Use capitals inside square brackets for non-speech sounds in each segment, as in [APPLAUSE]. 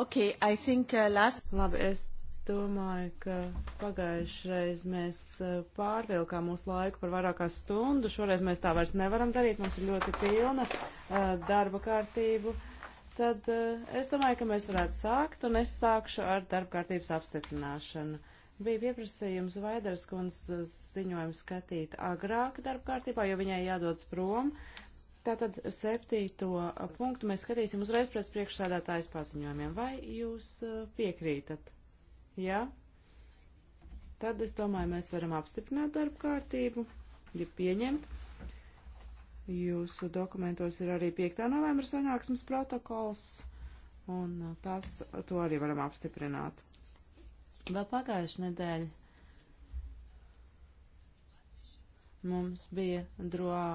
Okay, I think, uh, last... Labi, es domāju, ka pagājušreiz mēs uh, pārvilkām mūsu laiku par vairāk kā stundu. Šoreiz mēs tā vairs nevaram darīt. Mums ir ļoti pilna uh, darba kārtību. Tad uh, es domāju, ka mēs varētu sākt, un es sākšu ar darba kārtības apstiprināšanu. Bija pieprasījums Vaidars kundzes ziņojumu skatīt agrāk darba kārtībā, jo viņai jādodas prom, Tātad septīto punktu mēs skatīsim uzreiz pēc priekšsēdētājas paziņojumiem. Vai jūs uh, piekrītat? Jā? Ja? Tad es domāju, mēs varam apstiprināt darbu kārtību, ja pieņemt. Jūsu dokumentos ir arī 5. novembra sanāksmes protokols, un uh, tas, to arī varam apstiprināt. Vēl pagājuši nedēļa mums bija droā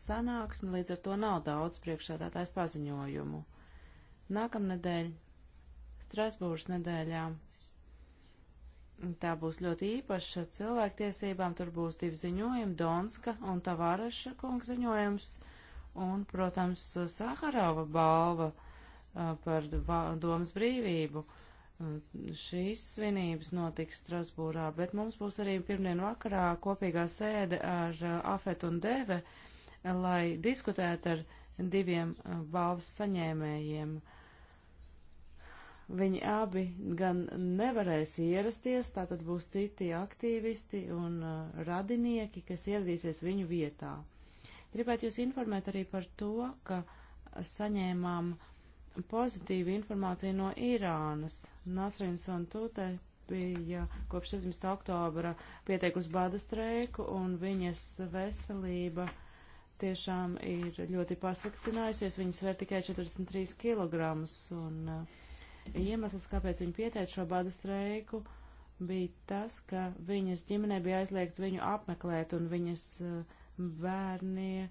sanāksmi, līdz ar to nav daudz priekšsēdētājs paziņojumu. Nākamnedēļ, Strasbūras nedēļā, tā būs ļoti īpaša cilvēktiesībām, tur būs divi ziņojumi, Donska un Tavāreša kungs ziņojums, un, protams, Saharava balva par domas brīvību. Šīs svinības notiks Strasbūrā, bet mums būs arī pirmdien vakarā kopīgā sēde ar Afet un Deve. Uh, lai diskutētu ar diviem balvas uh, saņēmējiem. Viņi abi gan nevarēs ierasties, tātad būs citi aktīvisti un uh, radinieki, kas ieradīsies viņu vietā. Gribētu jūs informēt arī par to, ka saņēmām pozitīvu informāciju no Irānas. Nasrins un Tūte bija kopš 17. oktobra pieteikusi bada streiku un viņas veselība uh, tiešām ir ļoti pasliktinājusies. Viņas svēr tikai 43 kg. Un uh, iemesls, kāpēc viņa pieteica šo bada streiku, bija tas, ka viņas ģimenē bija aizliegts viņu apmeklēt, un viņas uh, bērnie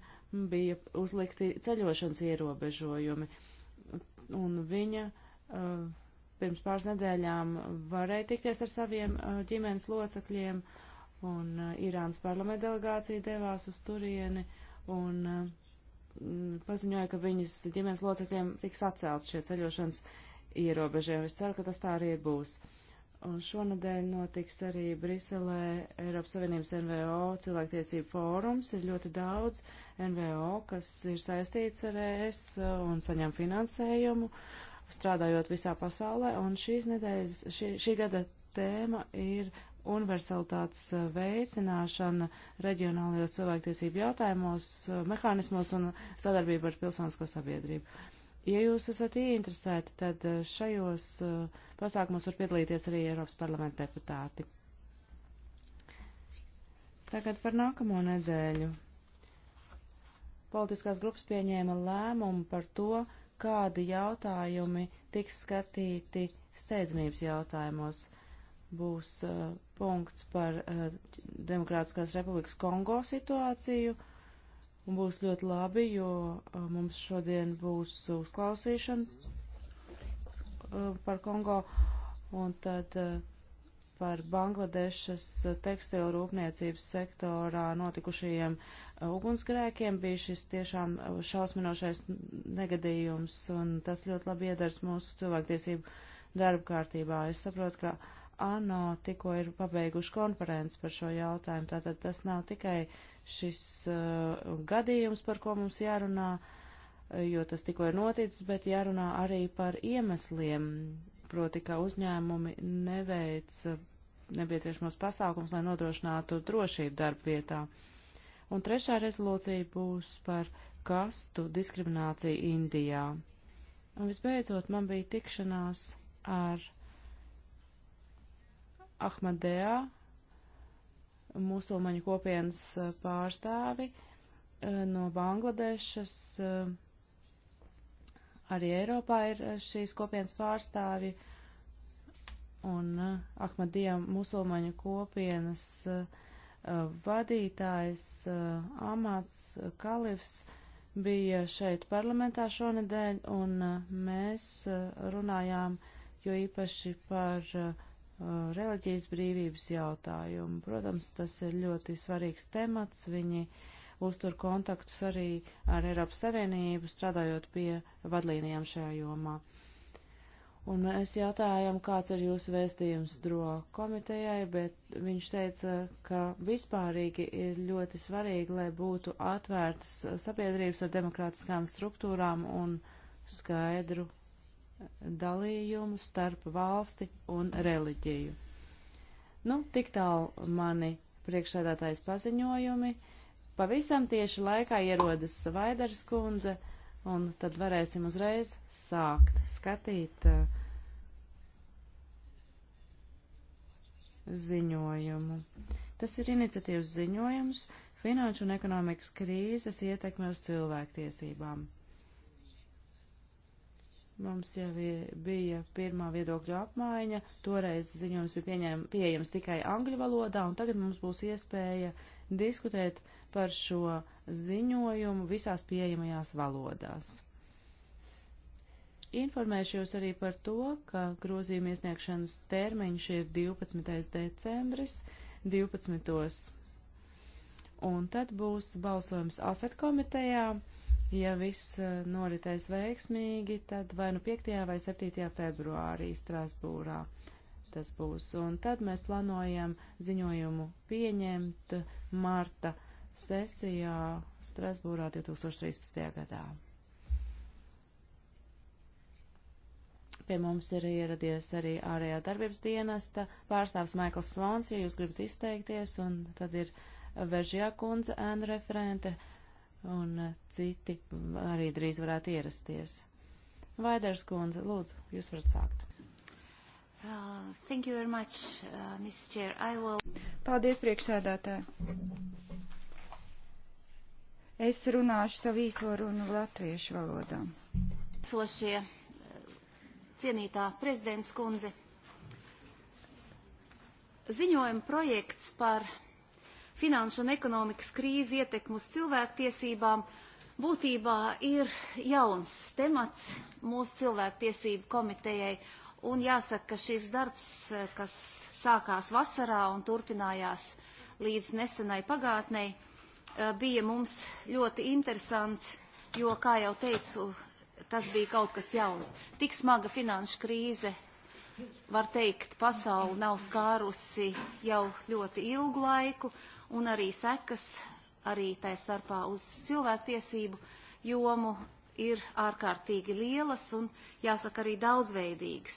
bija uzlikti ceļošanas ierobežojumi. Un viņa uh, pirms pāris nedēļām varēja tikties ar saviem ģimenes locekļiem un Irānas parlamenta delegācija devās uz turieni, un mm, paziņoja, ka viņas ģimenes locekļiem tiks atcelt šie ceļošanas ierobežojumi. Es ceru, ka tas tā arī būs. Un šonadēļ notiks arī Briselē Eiropas Savienības NVO cilvēktiesību fórums. Ir ļoti daudz NVO, kas ir saistīts ar ES un saņem finansējumu, strādājot visā pasaulē. Un šīs nedēļas, šī, šī gada tēma ir universalitātes eh, veicināšana reģionālajos cilvēktiesību jautājumos, eh, mehānismos un sadarbība ar pilsonisko sabiedrību. Ja jūs esat ieinteresēti, tad eh, šajos pasākumos var piedalīties arī Eiropas parlamenta deputāti. Tagad par nākamo nedēļu. Politiskās grupas pieņēma lēmumu par to, kādi jautājumi tiks skatīti steidzamības jautājumos. Uh, būs uh, punkts par uh, Demokrātiskās republikas Kongo situāciju. Un būs ļoti labi, jo uh, mums šodien būs uzklausīšana uh, par Kongo un tad uh, par Bangladešas tekstilu rūpniecības sektorā notikušajiem uh, ugunsgrēkiem bija šis tiešām šausminošais negadījums, un tas ļoti labi iedars mūsu cilvēktiesību darba kārtībā. Es saprotu, ka ANO tikko ir pabeiguši konferenci par šo jautājumu, tātad tas nav tikai šis uh, gadījums, par ko mums jārunā, jo tas tikko ir noticis, bet jārunā arī par iemesliem, proti, ka uzņēmumi neveic uh, nepieciešamos pasākums, lai nodrošinātu drošību darbvietā. Un trešā rezolūcija būs par kastu diskrimināciju Indijā. Un visbeidzot, man bija tikšanās ar Ahmadea, musulmaņu kopienas eh, pārstāvi eh, no Bangladešas. Eh, arī Eiropā ir šīs kopienas pārstāvi un Ahmadija musulmaņu kopienas vadītājs Amats Kalifs bija šeit parlamentā šonedēļ, un mēs runājām jo īpaši par uh, Uh, reliģijas brīvības jautājumu. Protams, tas ir ļoti svarīgs temats. Viņi uztur kontaktus arī ar Eiropas Savienību, strādājot pie vadlīnijām šajā jomā. Un mēs jautājām, kāds ir jūsu vēstījums DRO komitejai, bet viņš teica, ka vispārīgi ir ļoti svarīgi, lai būtu atvērtas sabiedrības ar demokrātiskām struktūrām un skaidru dalījumu starp valsti un reliģiju. Nu, tik tālu mani priekšsēdātājs paziņojumi. Pavisam tieši laikā ierodas Vaidars kundze, un tad varēsim uzreiz sākt skatīt uh, ziņojumu. Tas ir iniciatīvas ziņojums Finanšu un ekonomikas krīzes ietekme uz cilvēktiesībām. Mums jau bija pirmā viedokļu apmaiņa, toreiz ziņojums bija pieņēm, pieejams tikai angļu valodā, un tagad mums būs iespēja diskutēt par šo ziņojumu visās pieejamajās valodās. Informēšu jūs arī par to, ka grozījuma iesniegšanas termiņš ir 12. decembris 12. Un tad būs balsojums AFET komitejā Ja viss eh, noritēs veiksmīgi, tad vai nu 5. vai 7. februārī Strasbūrā tas būs. Un tad mēs plānojam ziņojumu pieņemt marta sesijā Strasbūrā 2013. gadā. Pie mums ir ieradies arī ārējā darbības dienesta pārstāvs Maikls Svons, ja jūs gribat izteikties, un tad ir Veržjā kundze ēnu referente. Uh, un eh, citi arī drīz varētu ierasties. Vaiders kundze, lūdzu, jūs varat sākt. Uh, thank you very much, uh, Mrs. Chair. I will... Paldies, priekšsēdētāji. Es runāšu savu īso runu latviešu valodā. Sošie, uh, cienītā prezidents kundze, ziņojuma projekts par finanšu un ekonomikas krīzi ietekmu uz cilvēktiesībām būtībā ir jauns temats mūsu cilvēktiesību komitejai. Un jāsaka, ka šis darbs, kas sākās vasarā un turpinājās līdz nesenai pagātnei, eh, bija mums ļoti interesants, jo, kā jau teicu, tas bija kaut kas jauns. Tik smaga finanšu krīze, var teikt, pasauli nav skārusi jau ļoti ilgu laiku, un arī sekas arī tā starpā uz cilvēktiesību jomu ir ārkārtīgi lielas un, jāsaka, arī daudzveidīgas.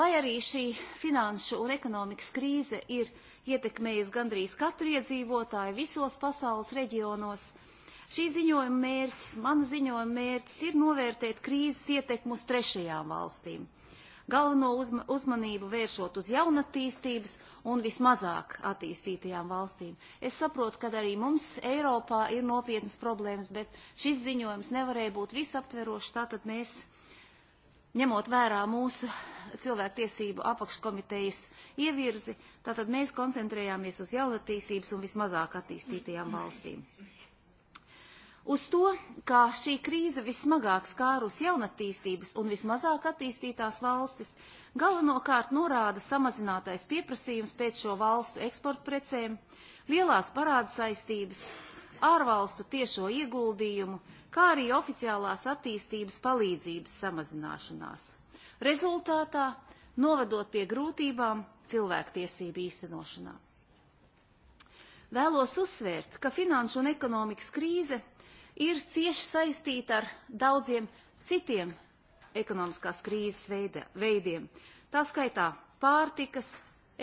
Lai arī šī finanšu un ekonomikas krīze ir ietekmējusi gandrīz katru iedzīvotāju visos pasaules reģionos, šī ziņojuma mērķis, mana ziņojuma mērķis ir novērtēt krīzes ietekmu uz trešajām valstīm – galveno uzma, uzmanību vēršot uz jaunatīstības un vismazāk attīstītajām valstīm. Es saprotu, ka arī mums Eiropā ir nopietnas problēmas, bet šis ziņojums nevarēja būt visaptverošs, tātad mēs ņemot vērā mūsu cilvēktiesību apakškomitejas ievirzi, tātad mēs koncentrējāmies uz jaunatīstības un vismazāk attīstītajām valstīm uz to, kā šī krīze vismagāk skārus jaunatīstības un vismazāk attīstītās valstis, galvenokārt norāda samazinātais pieprasījums pēc šo valstu eksportprecēm, lielās parādsaistības, ārvalstu tiešo ieguldījumu, kā arī oficiālās attīstības palīdzības samazināšanās. Rezultātā novedot pie grūtībām cilvēktiesību īstenošanā. Vēlos uzsvērt, ka finanšu un ekonomikas krīze – ir cieši saistīta ar daudziem citiem ekonomiskās krīzes veida, veidiem. Tā skaitā pārtikas,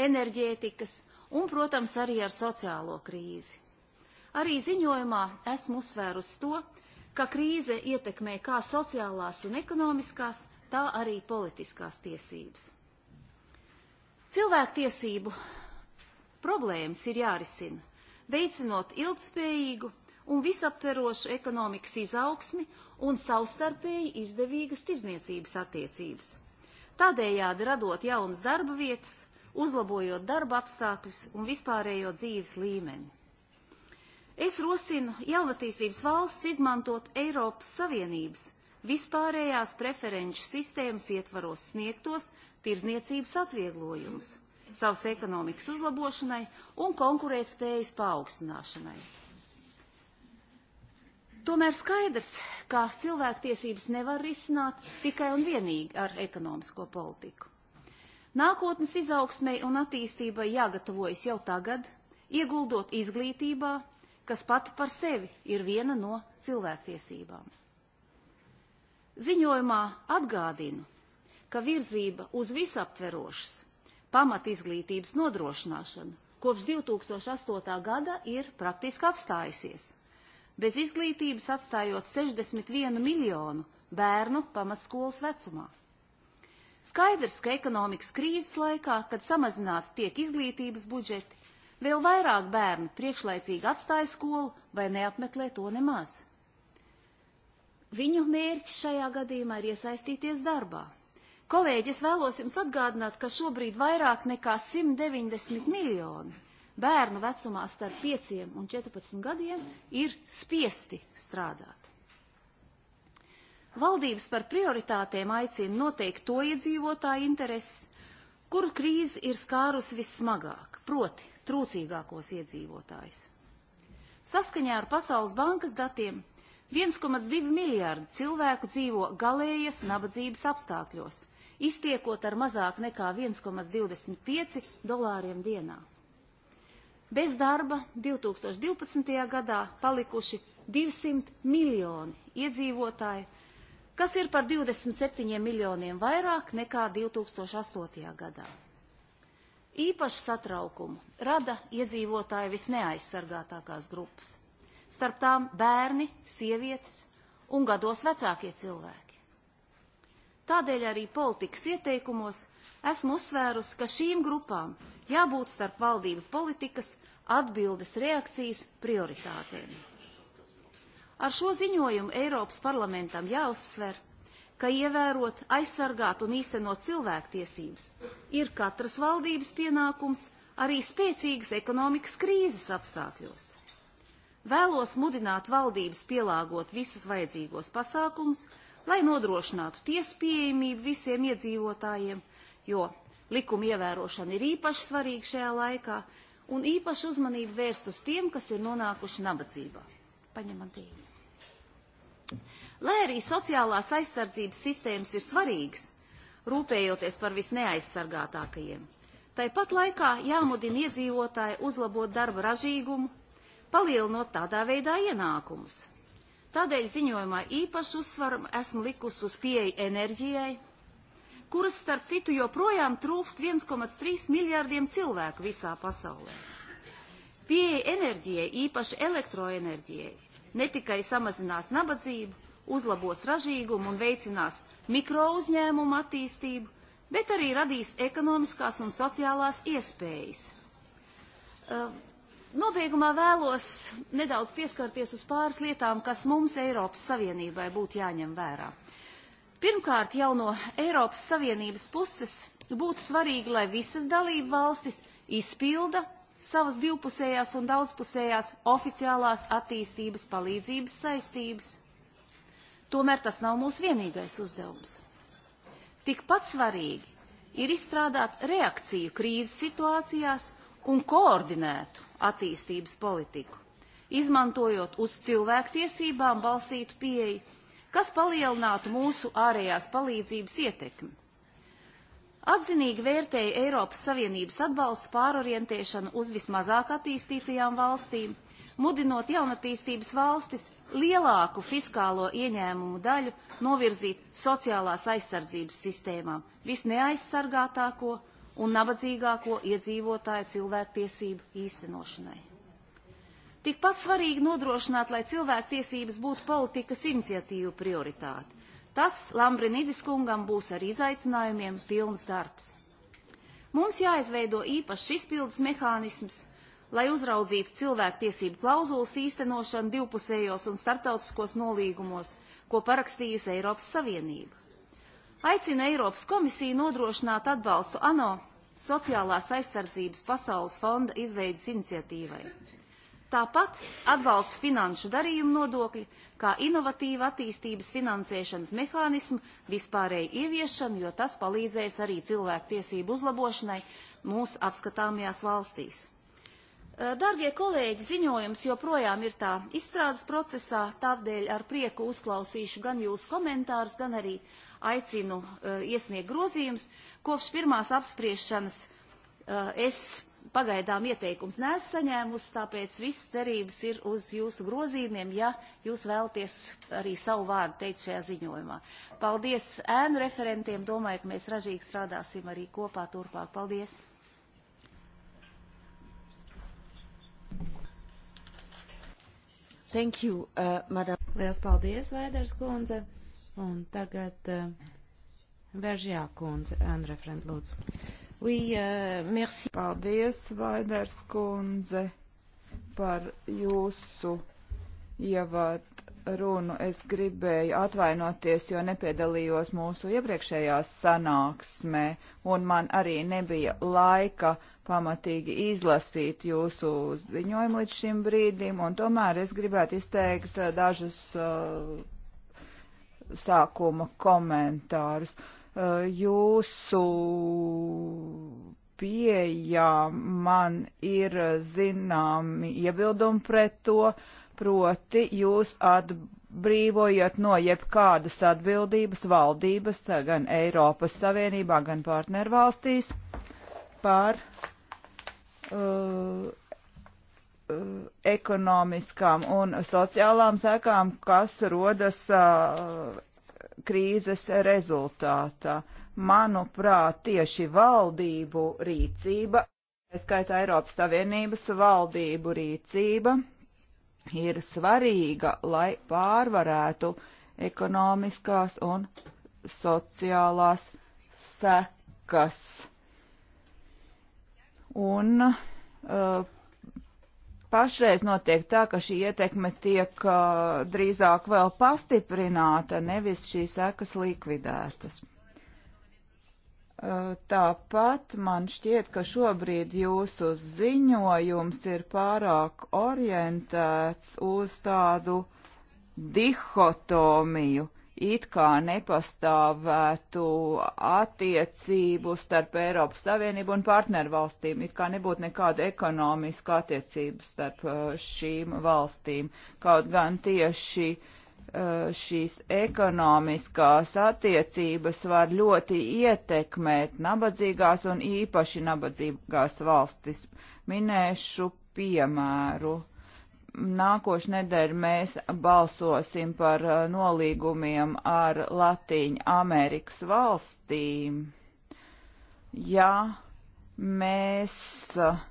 enerģētikas un, protams, arī ar sociālo krīzi. Arī ziņojumā esmu uzsvērusi to, ka krīze ietekmē kā sociālās un ekonomiskās, tā arī politiskās tiesības. Cilvēktiesību problēmas ir jārisina, veicinot ilgspējīgu un visaptverošu ekonomikas izaugsmi un savstarpēji izdevīgas tirzniecības attiecības. Tādējādi radot jaunas darba vietas, uzlabojot darba apstākļus un vispārējo dzīves līmeni. Es rosinu jaunatīstības valsts izmantot Eiropas Savienības vispārējās preferenču sistēmas ietvaros sniegtos tirzniecības atvieglojumus savas ekonomikas uzlabošanai un konkurētspējas paaugstināšanai. Tomēr skaidrs, ka cilvēktiesības nevar risināt tikai un vienīgi ar ekonomisko politiku. Nākotnes izaugsmei un attīstībai jāgatavojas jau tagad, ieguldot izglītībā, kas pati par sevi ir viena no cilvēktiesībām. Ziņojumā atgādinu, ka virzība uz visaptverošas pamatizglītības nodrošināšanu kopš 2008. gada ir praktiski apstājusies – bez izglītības atstājot 61 miljonu bērnu pamatskolas vecumā. Skaidrs, ka ekonomikas krīzes laikā, kad samazināti tiek izglītības budžeti, vēl vairāk bērnu priekšlaicīgi atstāja skolu vai neapmeklē to nemaz. Viņu mērķis šajā gadījumā ir iesaistīties darbā. Kolēģi, es vēlos jums atgādināt, ka šobrīd vairāk nekā 190 miljoni bērnu vecumā starp 5 un 14 gadiem ir spiesti strādāt. Valdības par prioritātēm aicina noteikt to iedzīvotāju intereses, kuru krīze ir skārusi vissmagāk, proti trūcīgākos iedzīvotājus. Saskaņā ar Pasaules bankas datiem 1,2 miljārdi cilvēku dzīvo galējas nabadzības apstākļos, iztiekot ar mazāk nekā 1,25 dolāriem dienā. Bez darba 2012. gadā palikuši 200 miljoni iedzīvotāji, kas ir par 27 miljoniem vairāk nekā 2008. gadā. Īpašu satraukumu rada iedzīvotāji visneaizsargātākās grupas, starp tām bērni, sievietes un gados vecākie cilvēki. Tādēļ arī politikas ieteikumos esmu uzsvērusi, ka šīm grupām jābūt starp valdību politikas atbildes reakcijas prioritātēm. Ar šo ziņojumu Eiropas parlamentam jāuzsver, ka ievērot, aizsargāt un īstenot cilvēktiesības ir katras valdības pienākums arī spēcīgas ekonomikas krīzes apstākļos. Vēlos mudināt valdības pielāgot visus vajadzīgos pasākumus, lai nodrošinātu tiesu pieejamību visiem iedzīvotājiem, jo likuma ievērošana ir īpaši svarīga šajā laikā un īpaši uzmanību vērst uz tiem, kas ir nonākuši nabadzībā. Paņemam tīņu. Lai arī sociālās aizsardzības sistēmas ir svarīgas, rūpējoties par visneaizsargātākajiem, Tāpat laikā jāmudina iedzīvotāji uzlabot darba ražīgumu, palielinot tādā veidā ienākumus. Tādēļ ziņojumā īpašu uzsvaru esmu likusi uz pieeju enerģijai, kuras starp citu joprojām trūkst 1,3 miljārdiem cilvēku visā pasaulē. Pieeja enerģijai, īpaši elektroenerģijai, ne tikai samazinās nabadzību, uzlabos ražīgumu un veicinās mikrouzņēmumu attīstību, bet arī radīs ekonomiskās un sociālās iespējas. Uh, Nobeigumā vēlos nedaudz pieskarties uz pāris lietām, kas mums Eiropas Savienībai būtu jāņem vērā. Pirmkārt, jau no Eiropas Savienības puses būtu svarīgi, lai visas dalību valstis izpilda savas divpusējās un daudzpusējās oficiālās attīstības palīdzības saistības. Tomēr tas nav mūsu vienīgais uzdevums. Tikpat svarīgi ir izstrādāt reakciju krīzes situācijās un koordinētu attīstības politiku, izmantojot uz cilvēktiesībām balstītu pieeju, kas palielinātu mūsu ārējās palīdzības ietekmi. Atzinīgi vērtēja Eiropas Savienības atbalsta pārorientēšanu uz vismazāk attīstītajām valstīm, mudinot jaunatīstības valstis lielāku fiskālo ieņēmumu daļu novirzīt sociālās aizsardzības sistēmām, visneaizsargātāko un nabadzīgāko iedzīvotāju cilvēktiesību īstenošanai. Tikpat svarīgi nodrošināt, lai cilvēktiesības būtu politikas iniciatīvu prioritāte. Tas Lambrinidis kungam būs ar izaicinājumiem pilns darbs. Mums jāizveido īpašs izpildes mehānisms, lai uzraudzītu cilvēktiesību klauzulas īstenošanu divpusējos un starptautiskos nolīgumos, ko parakstījusi Eiropas Savienība aicina Eiropas komisiju nodrošināt atbalstu ANO sociālās aizsardzības pasaules fonda izveidas iniciatīvai. Tāpat atbalstu finanšu darījumu nodokļi, kā inovatīvu attīstības finansēšanas mehānismu vispārēju ieviešanu, jo tas palīdzēs arī cilvēku tiesību uzlabošanai mūsu apskatāmajās valstīs. Dargie kolēģi, ziņojums joprojām ir tā izstrādes procesā, tādēļ ar prieku uzklausīšu gan jūsu komentārus, gan arī aicinu eh, iesniegt grozījumus. Kopš pirmās apspriešanas eh, es pagaidām ieteikums neesmu saņēmusi, tāpēc viss cerības ir uz jūsu grozījumiem, ja jūs vēlaties arī savu vārdu teikt šajā ziņojumā. Paldies ēnu referentiem, domāju, ka mēs ražīgi strādāsim arī kopā turpāk. Paldies! Thank you, uh, madam. Liels paldies, Vēders kundze. Un tagad uh, eh, Veržjā kundze, Andre Frend, lūdzu. Oui, uh, merci. Paldies, Vaiders kundze, par jūsu ievādu runu es gribēju atvainoties, jo nepiedalījos mūsu iepriekšējā sanāksmē, un man arī nebija laika pamatīgi izlasīt jūsu ziņojumu līdz šim brīdim, un tomēr es gribētu izteikt eh, dažus uh, sākuma komentārus. Uh, jūsu pieejā man ir zināmi iebildumi pret to, proti jūs atbrīvojat no jebkādas atbildības valdības gan Eiropas Savienībā, gan partnervalstīs par uh, Uh, ekonomiskām un sociālām sekām, kas rodas uh, krīzes rezultātā. Manuprāt, tieši valdību rīcība, skaitā Eiropas Savienības valdību rīcība, ir svarīga, lai pārvarētu ekonomiskās un sociālās sekas. Un uh, Pašreiz notiek tā, ka šī ietekme tiek uh, drīzāk vēl pastiprināta, nevis šīs sekas likvidētas. Uh, tāpat man šķiet, ka šobrīd jūsu ziņojums ir pārāk orientēts uz tādu dihotomiju it kā nepastāvētu attiecību starp Eiropas Savienību un partnervalstīm, it kā nebūtu nekāda ekonomiska attiecība starp uh, šīm valstīm. Kaut gan tieši uh, šīs ekonomiskās attiecības var ļoti ietekmēt nabadzīgās un īpaši nabadzīgās valstis. Minēšu piemēru nākošu nedēļu mēs balsosim par uh, nolīgumiem ar Latīņu Amerikas valstīm. Ja mēs uh,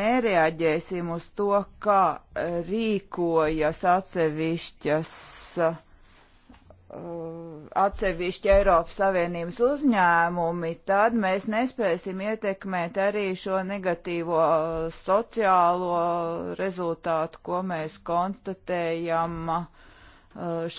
nereaģēsim uz to, kā rīkojas atsevišķas uh, Uh, atsevišķi Eiropas Savienības uzņēmumi, tad mēs nespēsim ietekmēt arī šo negatīvo uh, sociālo rezultātu, ko mēs konstatējam uh,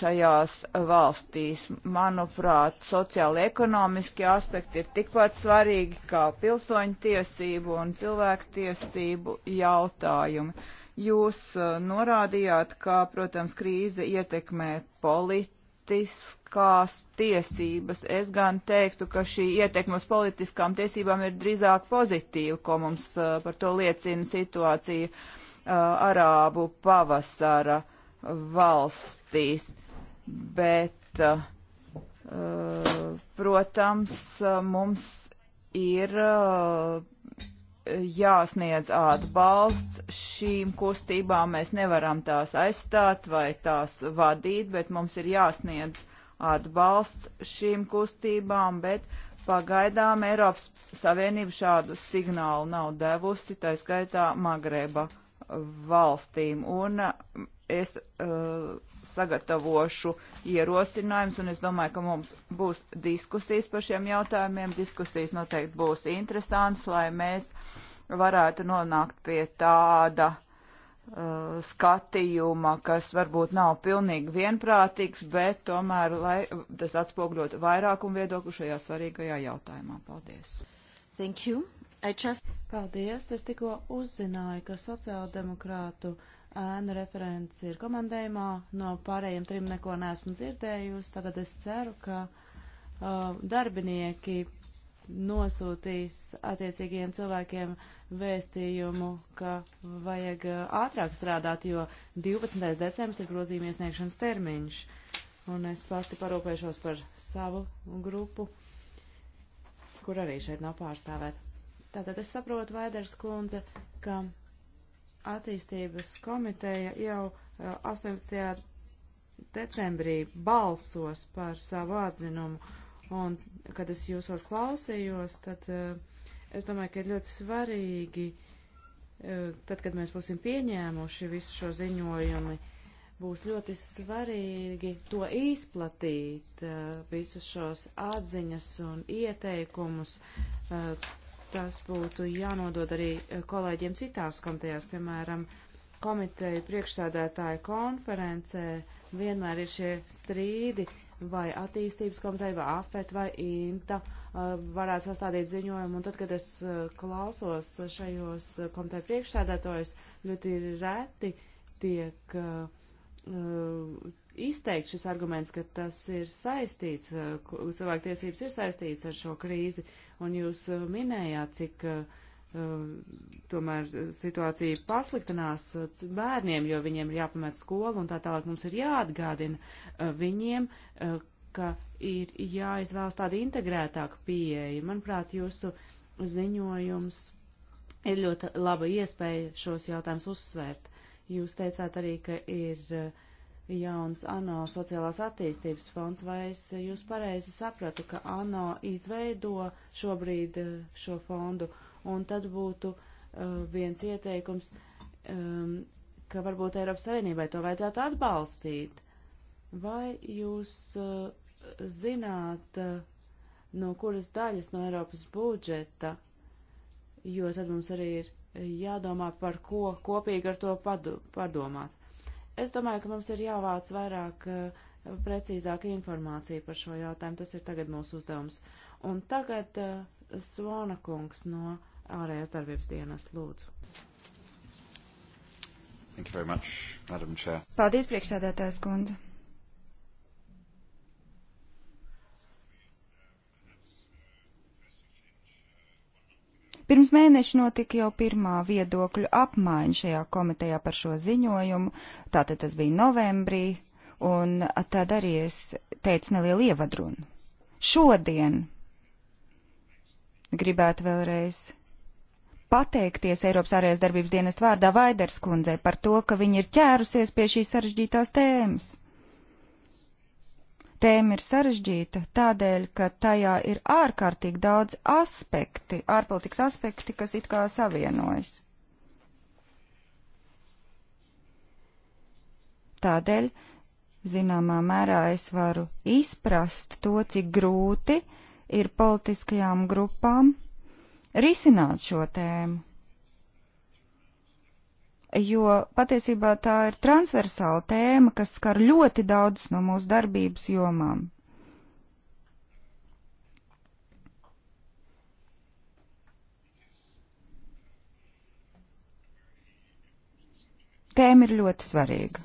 šajās valstīs. Manuprāt, sociāli ekonomiski aspekti ir tikpat svarīgi kā pilsoņu tiesību un cilvēku tiesību jautājumi. Jūs norādījāt, ka, protams, krīze ietekmē politiku politiskās tiesības. Es gan teiktu, ka šī ietekme uz politiskām tiesībām ir drīzāk pozitīva, ko mums uh, par to liecina situācija uh, Arābu pavasara valstīs. Bet, uh, protams, mums ir jāsniedz atbalsts šīm kustībām. Mēs nevaram tās aizstāt vai tās vadīt, bet mums ir jāsniedz atbalsts šīm kustībām, bet pagaidām Eiropas Savienība šādu signālu nav devusi, tā skaitā Magreba valstīm. Un es uh, sagatavošu ierosinājumus, un es domāju, ka mums būs diskusijas par šiem jautājumiem. Diskusijas noteikti būs interesants, lai mēs varētu nonākt pie tāda uh, skatījuma, kas varbūt nav pilnīgi vienprātīgs, bet tomēr, lai tas atspogļot vairākumu viedokļu šajā svarīgajā jautājumā. Paldies! Thank you. I just... Paldies! Es tikko uzzināju, ka sociāldemokrātu uh, ēnu referents ir komandējumā, no pārējiem trim neko neesmu dzirdējusi, tagad es ceru, ka uh, darbinieki nosūtīs attiecīgajiem cilvēkiem vēstījumu, ka vajag ātrāk strādāt, jo 12. decembris ir grozījuma iesniegšanas termiņš. Un es pati parūpēšos par savu grupu, kur arī šeit nav pārstāvēt. Tātad es saprotu, Vaiders kundze, ka attīstības komiteja jau 18. decembrī balsos par savu atzinumu, un kad es jūsos klausījos, tad es domāju, ka ir ļoti svarīgi, tad, kad mēs būsim pieņēmuši visu šo ziņojumu, būs ļoti svarīgi to izplatīt, visus šos atziņas un ieteikumus tas būtu jānodod arī eh, kolēģiem citās komitejās, piemēram, komiteju priekšsādātāju konferencē vienmēr ir šie strīdi, vai attīstības komiteja, vai AFET, vai INTA eh, varētu sastādīt ziņojumu. Un tad, kad es eh, klausos šajos komiteju priekšsēdētājus, ļoti reti tiek uh, Uh, izteikt šis arguments, ka tas ir saistīts, uh, cilvēku tiesības ir saistīts ar šo krīzi, un jūs uh, minējāt, cik tomēr situācija pasliktinās bērniem, jo viņiem ir jāpamet skolu un tā tālāk mums ir jāatgādina viņiem, ka ir jāizvēlas tāda integrētāka pieeja. Manuprāt, jūsu ziņojums ir ļoti laba iespēja šos jautājumus uzsvērt. Jūs teicāt arī, ka ir eh, jauns ANO sociālās attīstības fonds, vai es eh, jūs pareizi sapratu, ka ANO izveido šobrīd eh, šo fondu, un tad būtu viens ieteikums, ehm, ka varbūt Eiropas Savienībai to vajadzētu atbalstīt. Vai jūs zināt, no kuras daļas no Eiropas budžeta, jo tad mums arī ir jādomā par ko kopīgi ar to padu, padomāt. Es domāju, ka mums ir jāvāc vairāk uh, precīzāka informācija par šo jautājumu. Tas ir tagad mūsu uzdevums. Un tagad uh, Svona kungs no ārējās darbības dienas lūdzu. Much, Paldies, priekšsēdētājs kundze. Pirms mēneša notika jau pirmā viedokļu apmaiņa šajā komitejā par šo ziņojumu, tātad tas bija novembrī, un tad arī es teicu nelielu ievadrunu. Šodien gribētu vēlreiz pateikties Eiropas ārējās darbības dienas vārdā Vaiders kundzei par to, ka viņa ir ķērusies pie šīs sarežģītās tēmas tēma ir sarežģīta tādēļ, ka tajā ir ārkārtīgi daudz aspekti, ārpolitikas aspekti, kas it kā savienojas. Tādēļ, zināmā mērā, es varu izprast to, cik grūti ir politiskajām grupām risināt šo tēmu jo patiesībā tā ir transversāla tēma, kas skar ļoti daudz no mūsu darbības jomām. Tēma ir ļoti svarīga.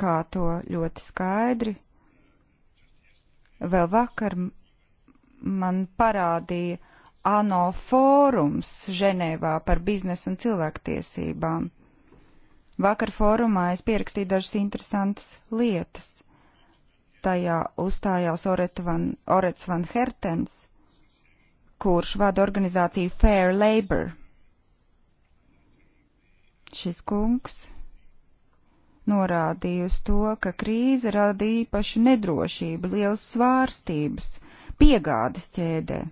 Kā to ļoti skaidri vēl vakar man parādīja ANO fórums Ženēvā par biznesu un cilvēktiesībām. Vakar fórumā es pierakstīju dažas interesantas lietas. Tajā uzstājās Orets van, Orets van Hertens, kurš vada organizāciju Fair Labor. Šis kungs norādīja uz to, ka krīze rada īpašu nedrošību, liels svārstības piegādes ķēdē.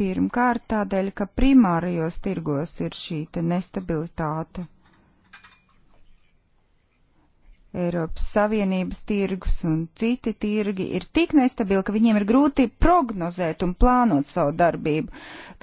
Pirmkārt tādēļ, ka primārajos tirgos ir šī te nestabilitāte. Eiropas Savienības tirgus un citi tirgi ir tik nestabili, ka viņiem ir grūti prognozēt un plānot savu darbību.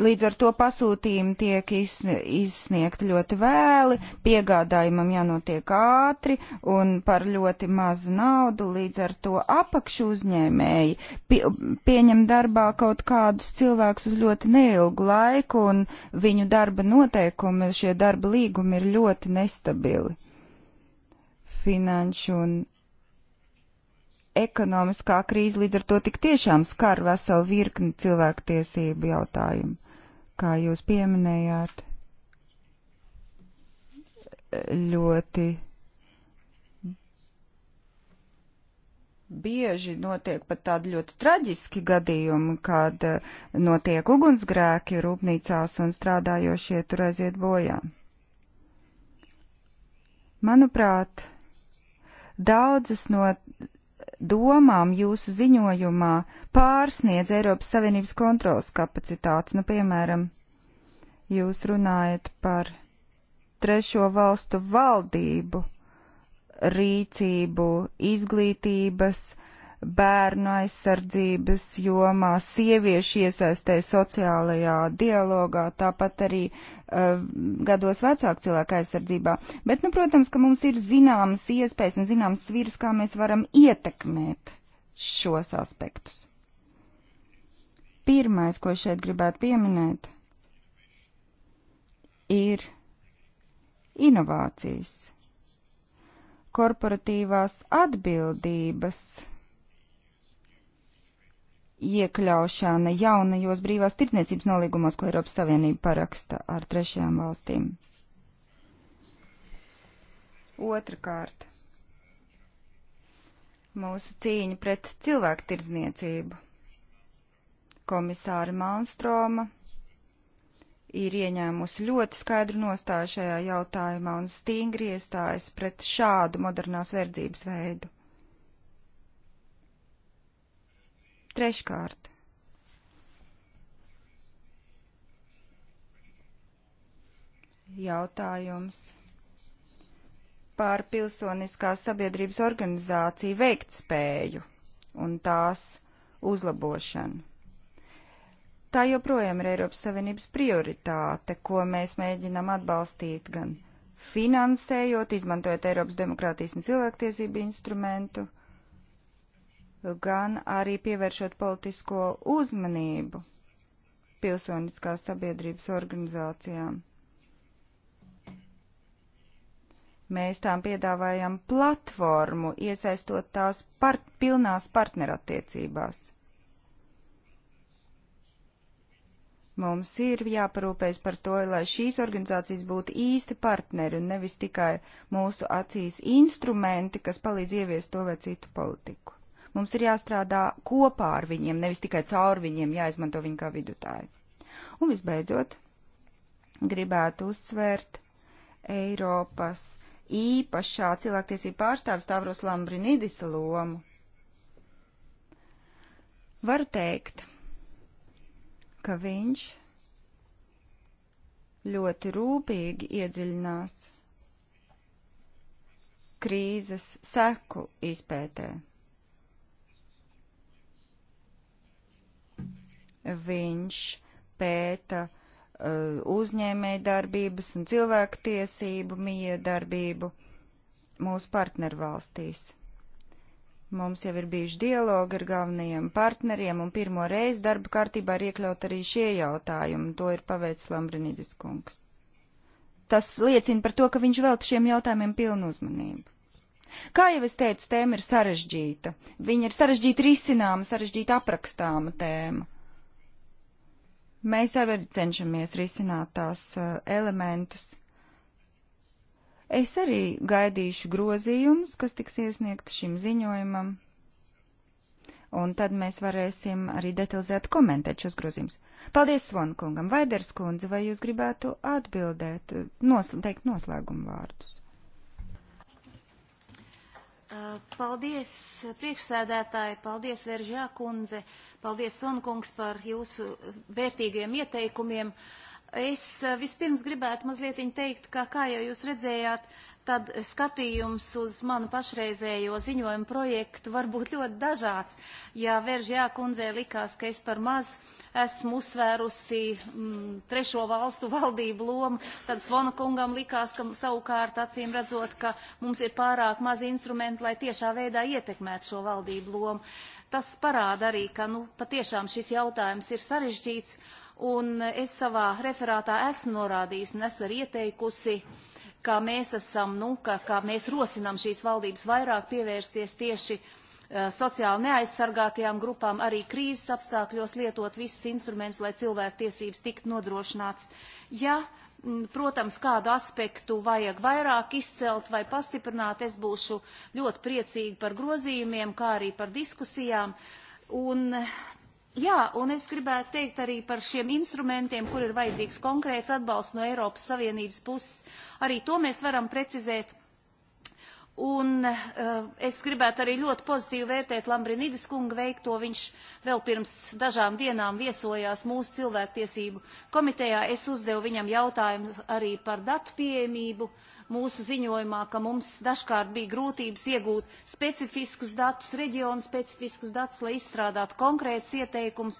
Līdz ar to pasūtījumi tiek iz, izsniegti ļoti vēli, piegādājumam jānotiek ātri un par ļoti mazu naudu. Līdz ar to apakšu uzņēmēji pie, pieņem darbā kaut kādus cilvēkus uz ļoti neilgu laiku un viņu darba noteikumi, šie darba līgumi ir ļoti nestabili finanšu un ekonomiskā krīze līdz ar to tik tiešām skar veselu virkni cilvēktiesību jautājumu, kā jūs pieminējāt. Ļoti bieži notiek pat tādi ļoti traģiski gadījumi, kad eh, notiek ugunsgrēki rūpnīcās un strādājošie tur aiziet bojā. Manuprāt, Daudzas no domām jūsu ziņojumā pārsniedz Eiropas Savienības kontrolas kapacitātes. Nu, piemēram, jūs runājat par trešo valstu valdību rīcību izglītības, bērnu aizsardzības jomā, sieviešu iesaistē sociālajā dialogā, tāpat arī uh, gados vecāku cilvēku aizsardzībā. Bet, nu, protams, ka mums ir zināmas iespējas un zināmas svirs, kā mēs varam ietekmēt šos aspektus. Pirmais, ko šeit gribētu pieminēt, ir inovācijas korporatīvās atbildības iekļaušana jaunajos brīvās tirdzniecības nolīgumos, ko Eiropas Savienība paraksta ar trešajām valstīm. Otrakārt, mūsu cīņa pret cilvēku tirdzniecību. Komisāra Malmstroma ir ieņēmusi ļoti skaidru nostāju šajā jautājumā un stingri iestājas pret šādu modernās verdzības veidu. Treškārt. Jautājums par pilsoniskās sabiedrības organizāciju veiktspēju un tās uzlabošanu. Tā joprojām ir Eiropas Savienības prioritāte, ko mēs mēģinām atbalstīt gan finansējot, izmantojot Eiropas demokrātijas un cilvēktiesību instrumentu, uh, gan arī pievēršot politisko uzmanību pilsoniskās sabiedrības organizācijām. Mēs tām piedāvājam platformu, iesaistot tās par, pilnās partnerattiecībās. Mums ir jāparūpēs par to, lai šīs organizācijas būtu īsti partneri un nevis tikai mūsu acīs instrumenti, kas palīdz ieviest to vai citu politiku. Mums ir jāstrādā kopā ar viņiem, nevis tikai caur viņiem, jāizmanto viņi kā vidutāji. Un visbeidzot, gribētu uzsvērt Eiropas īpašā cilvēktiesība pārstāvis Tavros Lambrinidis lomu. Varu teikt, ka viņš ļoti rūpīgi iedziļinās krīzes seku izpētē. Viņš pēta uh, uzņēmēju darbības un cilvēku tiesību miedarbību mūsu partnervalstīs. Mums jau ir bijuši dialogi ar galvenajiem partneriem, un pirmo reizi darba kārtībā ir iekļaut arī šie jautājumi. To ir paveicis Lambrinidis kungs. Tas liecina par to, ka viņš velta šiem jautājumiem pilnu uzmanību. Kā jau es teicu, tēma ir sarežģīta. Viņa ir sarežģīta risināma, sarežģīta aprakstāma tēma. Mēs arī cenšamies risināt tās uh, elementus. Es arī gaidīšu grozījumus, kas tiks iesniegti šim ziņojumam, un tad mēs varēsim arī detalizēt komentēt šos grozījumus. Paldies Svonkungam, Vaiders kundze, vai jūs gribētu atbildēt, nosl teikt noslēgumu vārdus? Eh, paldies, priekšsēdētāji, paldies, Veržā kundze, paldies, Sonkungs, par jūsu vērtīgiem ieteikumiem. Es eh, vispirms gribētu mazliet teikt, ka, kā jau jūs redzējāt, uh, tad skatījums uz manu pašreizējo ziņojumu projektu var būt ļoti dažāds. Ja Veržjā kundzei likās, ka es par maz esmu uzsvērusi mm, trešo valstu [LAUGHS] valdību lomu, tad Svona kungam likās, ka savukārt acīm redzot, ka mums ir pārāk maz instrumentu, lai tiešā veidā ietekmētu šo valdību lomu. Tas parāda arī, ka nu, patiešām šis jautājums ir sarežģīts, un es savā referātā esmu norādījusi un esmu arī ieteikusi uh, kā mēs esam, nu, kā, kā mēs rosinam šīs valdības vairāk pievērsties tieši uh, sociāli neaizsargātajām grupām, arī krīzes apstākļos lietot visus instrumentus, lai cilvēku tiesības tiktu nodrošināts. Ja, m, protams, kādu aspektu vajag vairāk izcelt vai pastiprināt, es būšu ļoti priecīgi par grozījumiem, kā arī par diskusijām. Un Jā, un es gribētu teikt arī par šiem instrumentiem, kur ir vajadzīgs konkrēts atbalsts no Eiropas Savienības puses. Arī to mēs varam precizēt. Un uh, es gribētu arī ļoti pozitīvi vērtēt Lambrinidis kunga veikto. Viņš vēl pirms dažām dienām viesojās mūsu cilvēktiesību komitejā. Es uzdevu viņam jautājumu arī par datu pieejamību. Uh, mūsu ziņojumā, ka mums dažkārt bija grūtības iegūt specifiskus datus, reģionu specifiskus datus, lai izstrādātu konkrētus ieteikumus,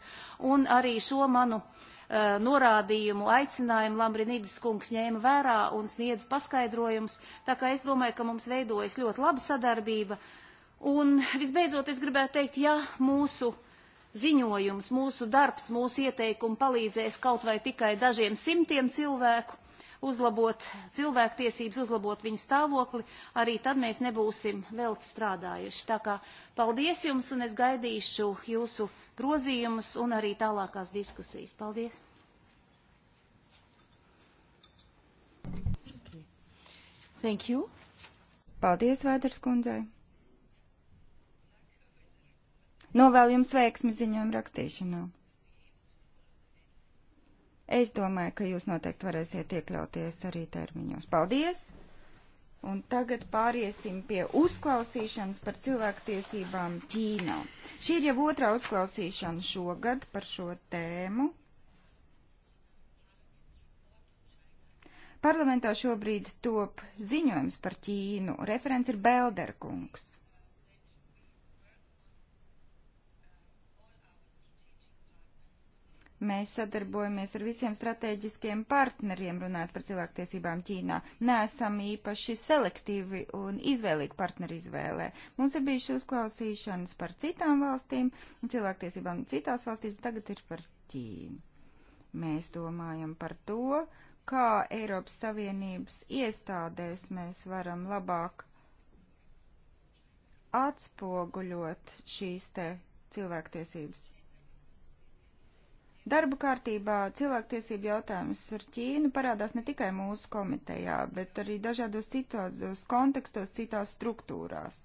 un arī šo manu uh, norādījumu, aicinājumu Lambrinidis kungs ņēma vērā un sniedz paskaidrojumus, tā kā es domāju, ka mums veidojas ļoti laba sadarbība. Un visbeidzot, es gribētu teikt, ja mūsu ziņojums, mūsu darbs, mūsu ieteikumi palīdzēs kaut vai tikai dažiem simtiem cilvēku, uzlabot cilvēktiesības, uzlabot viņu stāvokli, arī tad mēs nebūsim vēl strādājuši. Tā kā paldies jums un es gaidīšu jūsu grozījumus un arī tālākās diskusijas. Paldies! Thank you. Paldies, Vēders kundzei. Novēl nu, jums veiksmi ziņojumu rakstīšanā. Es domāju, ka jūs noteikti varēsiet iekļauties arī termiņos. Paldies! Un tagad pāriesim pie uzklausīšanas par cilvēktiesībām Ķīnā. Šī ir jau otrā uzklausīšana šogad par šo tēmu. Parlamentā šobrīd top ziņojums par Ķīnu. Referents ir Belderkungs. Mēs sadarbojamies ar visiem strateģiskiem partneriem runāt par cilvēktiesībām Ķīnā. Nesam īpaši selektīvi un izvēlīgi partneri izvēlē. Mums ir bijuši uzklausīšanas par citām valstīm, cilvēktiesībām citās valstīs, bet tagad ir par Ķīnu. Mēs domājam par to, kā Eiropas Savienības iestādēs mēs varam labāk atspoguļot šīs te cilvēktiesības. Darba kārtībā cilvēktiesību jautājums ar Ķīnu parādās ne tikai mūsu komitejā, bet arī dažādos citos kontekstos, citās struktūrās.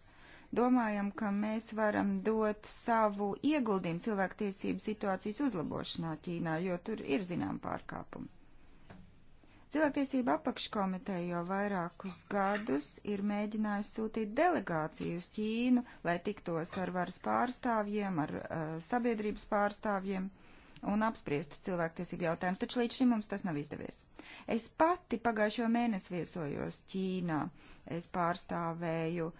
Domājam, ka mēs varam dot savu ieguldījumu cilvēktiesību situācijas uzlabošanā Ķīnā, jo tur ir zinām pārkāpumi. Cilvēktiesība apakškomiteja jau vairākus gadus ir mēģinājusi sūtīt delegāciju uz Ķīnu, lai tiktos ar varas pārstāvjiem, ar uh, sabiedrības pārstāvjiem un apspriestu cilvēktiesību jautājumus, taču līdz šim mums tas nav izdevies. Es pati pagājušo mēnesi viesojos Ķīnā. Es pārstāvēju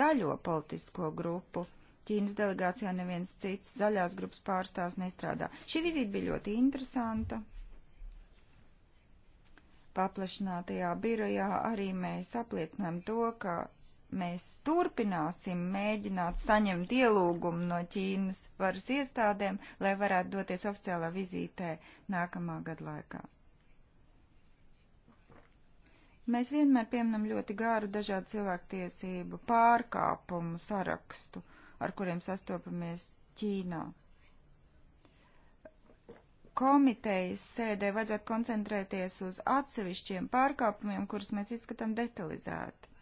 zaļo politisko grupu. Ķīnas delegācijā neviens cits zaļās grupas pārstāvs nestrādā. Šī vizīte bija ļoti interesanta. Paplašinātajā birojā arī mēs apliecinām to, ka mēs turpināsim mēģināt saņemt ielūgumu no Ķīnas varas iestādēm, lai varētu doties oficiālā vizītē nākamā gada laikā. Mēs vienmēr pieminam ļoti gāru dažādu cilvēktiesību pārkāpumu sarakstu, ar kuriem sastopamies Ķīnā komitejas sēdē vajadzētu koncentrēties uz atsevišķiem pārkāpumiem, kurus mēs izskatām detalizēti.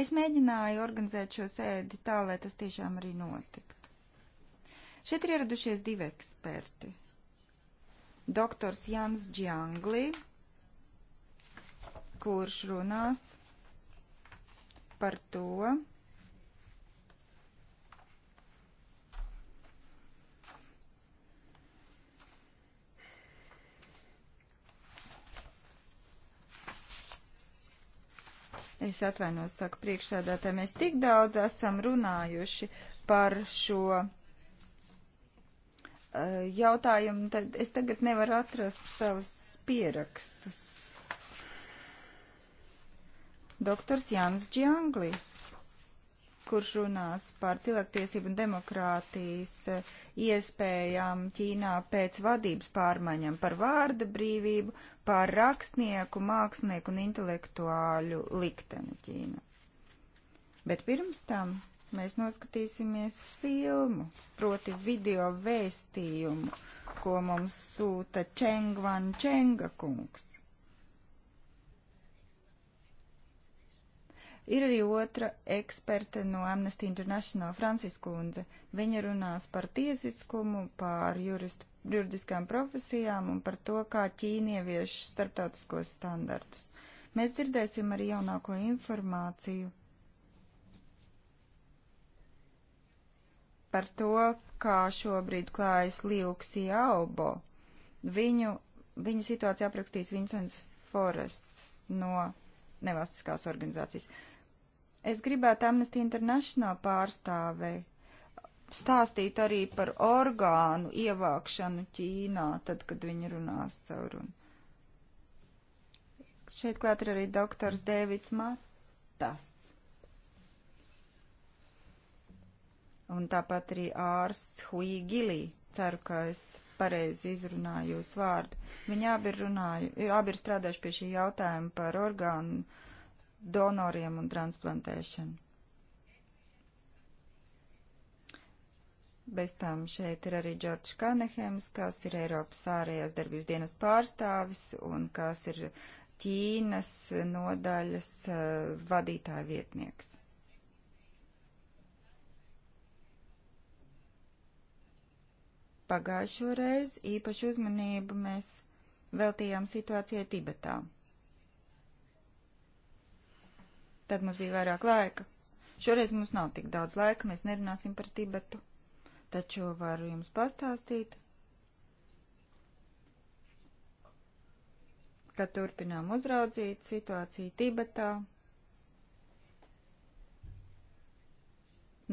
Es mēģināju organizēt šo sēdi tā, lai tas tiešām arī notiktu. Šeit ir ieradušies divi eksperti. Doktors Jans Džangli, kurš runās par to, Es atvainojos, saka priekšsēdētāji, mēs tik daudz esam runājuši par šo uh, jautājumu, tad es tagad nevaru atrast savus pierakstus. Doktors Jānis Džiangli kurš runās par cilvēktiesību un demokrātijas eh, iespējām Ķīnā pēc vadības pārmaiņām, par vārda brīvību, par rakstnieku, mākslinieku un intelektuāļu likteni Ķīnā. Bet pirms tam mēs noskatīsimies filmu, proti video vēstījumu, ko mums sūta Čengvan Čenga kungs. Ir arī otra eksperte no Amnesty International, Francis Kundze. Viņa runās par tiesiskumu, par juristu, juridiskām profesijām un par to, kā ķīnievieš starptautiskos standartus. Mēs dzirdēsim arī jaunāko informāciju par to, kā šobrīd klājas Liuksī Aubo. Viņu, viņu situāciju aprakstīs Vincents Forests no nevalstiskās organizācijas. Es gribētu Amnesty International pārstāvei stāstīt arī par orgānu ievākšanu Ķīnā, tad, kad viņi runās caur un. Šeit klāt ir arī doktors Dēvids Matas. Un tāpat arī ārsts Hui Gilī. Ceru, ka es pareizi izrunāju jūsu vārdu. Viņi abi ir runāju, abi ir strādājuši pie šī jautājuma par orgānu uh, donoriem un transplantēšanu. Bez tam šeit ir arī Džordžs Kanehems, kas ir Eiropas ārējās darbības dienas pārstāvis un kas ir Ķīnas nodaļas uh, vadītāja vietnieks. Pagājušo reizi īpašu uzmanību mēs veltījām situācijai Tibetā. Tad mums bija vairāk laika. Šoreiz mums nav tik daudz laika, mēs nerunāsim par Tibetu. Taču varu jums pastāstīt, ka turpinām uzraudzīt situāciju Tibetā.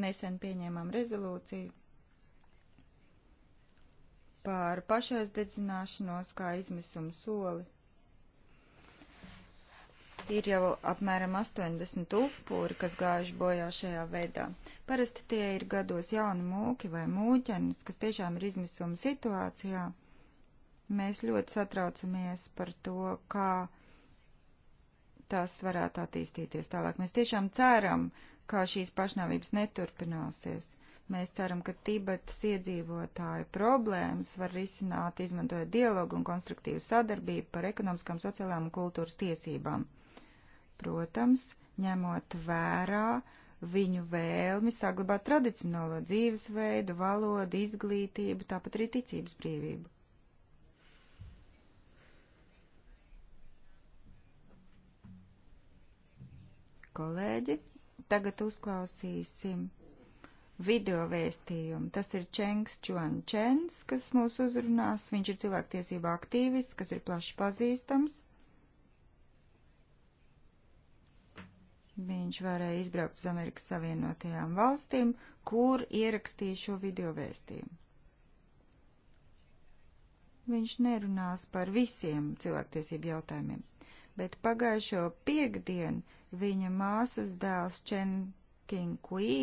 Nesen pieņēmām rezolūciju par pašaizdedzināšanos kā izmisumu soli ir jau apmēram 80 upuri, kas gājuši bojā šajā veidā. Parasti tie ir gados jauni mūki vai mūķenis, kas tiešām ir izmisuma situācijā. Mēs ļoti satraucamies par to, kā tās varētu attīstīties tālāk. Mēs tiešām ceram, kā šīs pašnāvības neturpināsies. Mēs ceram, ka Tibetas iedzīvotāju problēmas var risināt, izmantojot dialogu un konstruktīvu sadarbību par ekonomiskām, sociālām un kultūras tiesībām protams, ņemot vērā viņu vēlmi saglabāt tradicionālo dzīvesveidu, valodu, izglītību, tāpat arī ticības brīvību. Kolēģi, tagad uzklausīsim video vēstījumu. Tas ir Čengs Čuan Čens, kas mūs uzrunās. Viņš ir cilvēktiesība aktīvists, kas ir plaši pazīstams. viņš varēja izbraukt uz Amerikas Savienotajām valstīm, kur ierakstīja šo video vēstījumu. Viņš nerunās par visiem cilvēktiesību jautājumiem, bet pagājušo piekdienu viņa māsas dēls Čen Kinkui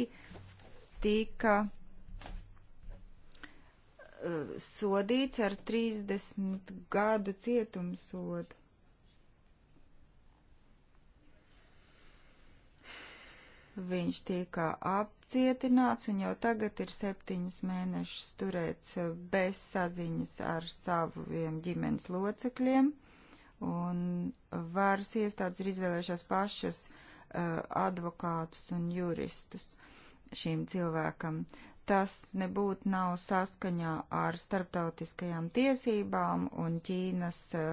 tika uh, sodīts ar 30 gadu cietumsodu Viņš tika apcietināts un jau tagad ir septiņus mēnešus turēts bez saziņas ar saviem ģimenes locekļiem. Un varas iestādes ir izvēlējušās pašas uh, advokātus un juristus šīm cilvēkam tas nebūtu nav saskaņā ar starptautiskajām tiesībām un Ķīnas uh,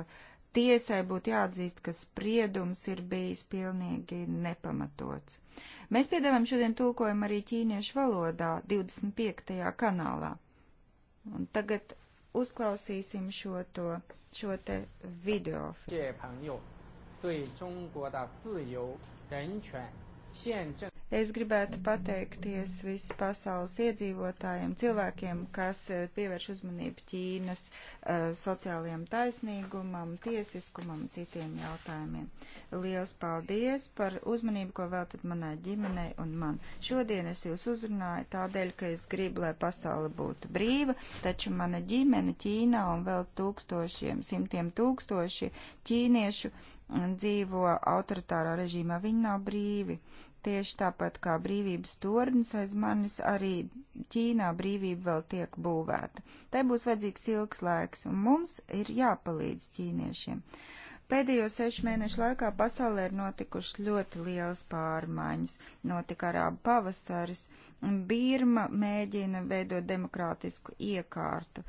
tiesai būtu jāatzīst, ka spriedums ir bijis pilnīgi nepamatots. Mēs piedāvājam šodien tulkojumu arī ķīniešu valodā 25. kanālā. Un tagad uzklausīsim šo, to, šo te video. 对中国的自由、人权、宪政。Es gribētu pateikties visu pasaules iedzīvotājiem, cilvēkiem, kas eh, pievērš uzmanību Ķīnas uh, eh, sociālajiem taisnīgumam, tiesiskumam un citiem jautājumiem. Liels paldies par uzmanību, ko veltat manai ģimenei un man. Šodien es jūs uzrunāju tādēļ, ka es gribu, lai pasaule būtu brīva, taču mana ģimene Ķīnā un vēl tūkstošiem, simtiem tūkstoši ķīniešu eh, dzīvo autoritārā režīmā. Viņi nav brīvi Tieši tāpat kā brīvības tornis aiz manis, arī Ķīnā brīvība vēl tiek būvēta. Tai būs vajadzīgs ilgs laiks, un mums ir jāpalīdz ķīniešiem. Pēdējo sešu mēnešu laikā pasaulē ir notikušas ļoti lielas pārmaiņas. Notika arābu pavasaris, Birma mēģina veidot demokrātisku iekārtu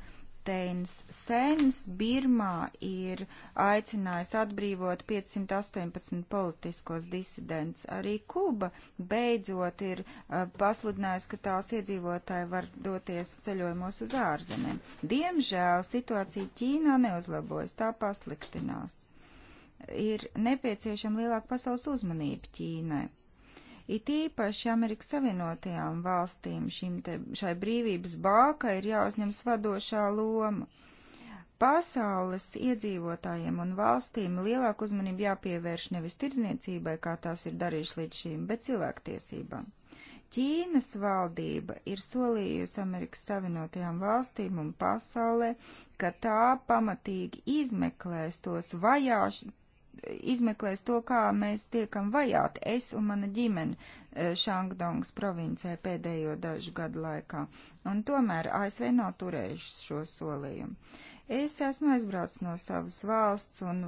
kapteinis Sens Birmā ir aicinājis atbrīvot 518 politiskos disidents. Arī Kuba beidzot ir uh, eh, pasludinājis, ka tās iedzīvotāji var doties ceļojumos uz ārzemēm. Diemžēl situācija Ķīnā neuzlabojas, tā pasliktinās. Ir nepieciešama lielāka pasaules uzmanība Ķīnai It īpaši Amerikas Savienotajām valstīm šim te, šai brīvības bāka ir jāuzņems vadošā loma. Pasaules iedzīvotājiem un valstīm lielāku uzmanību jāpievērš nevis tirdzniecībai, kā tās ir darījušas līdz šim, bet cilvēktiesībām. Ķīnas valdība ir solījusi Amerikas Savienotajām valstīm un pasaulē, ka tā pamatīgi izmeklēs tos vajāš, izmeklēs to, kā mēs tiekam vajāti, es un mana ģimene e, Šangdongas provincē pēdējo dažu gadu laikā. Un tomēr ASV nav turējuši šo solījumu. Es esmu aizbraucis no savas valsts, un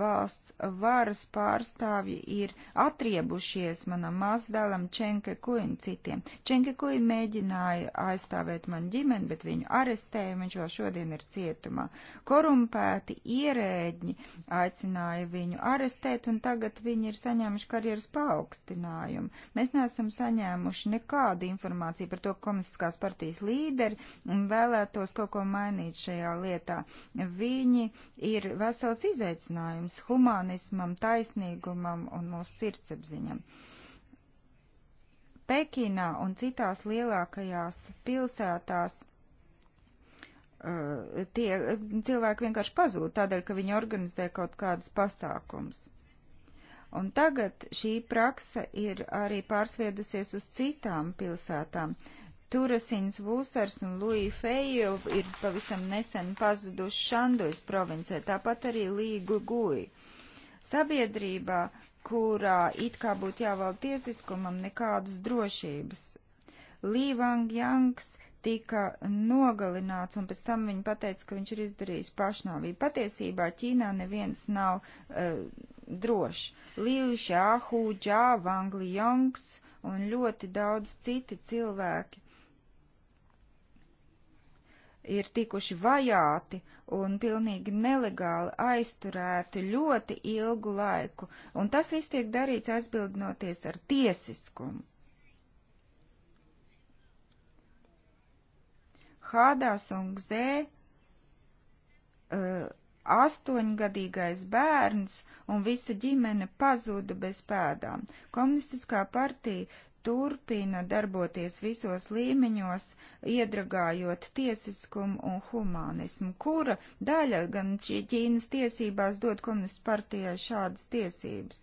valsts varas pārstāvji ir atriebušies manam mazdēlam Čenke Kuin citiem. Čenke Kuin mēģināja aizstāvēt man ģimeni, bet viņu arestēja, viņš vēl šodien ir cietumā. Korumpēti ierēģi aicināja viņu arestēt, un tagad viņi ir saņēmuši karjeras paaugstinājumu. Mēs neesam saņēmuši nekādu informāciju par to, ka komunistiskās partijas līderi um, vēlētos kaut ko mainīt šajā lietā. Viņi ir vesels izaicinājums humanismam, taisnīgumam un mūsu sirdsapziņam. Pekinā un citās lielākajās pilsētās uh, tie cilvēki vienkārši pazūd tādēļ, ka viņi organizē kaut kādus pasākums. Un tagad šī praksa ir arī pārsviedusies uz citām pilsētām. Uh, Turasins Vūsars un Lui Fejo ir pavisam nesen pazuduši Šandojas provincē, tāpat arī Līgu Gui. Sabiedrībā, kurā it kā būtu jāvalda tiesiskumam, nekādas drošības. Lī Vang Jangs tika nogalināts, un pēc tam viņa pateica, ka viņš ir izdarījis pašnāvību. Patiesībā Ķīnā neviens nav uh, drošs. Līvu Šāhu, Džā, Vangli Jongs un ļoti daudz citi cilvēki ir tikuši vajāti un pilnīgi nelegāli aizturēti ļoti ilgu laiku, un tas viss tiek darīts aizbildinoties ar tiesiskumu. Hādās un Gzē uh, astoņgadīgais bērns un visa ģimene pazuda bez pēdām. Komunistiskā partija turpina darboties visos līmeņos, iedragājot tiesiskumu un humānismu, kura daļa gan šī Ķīnas tiesībās dod komunistu partijai šādas tiesības.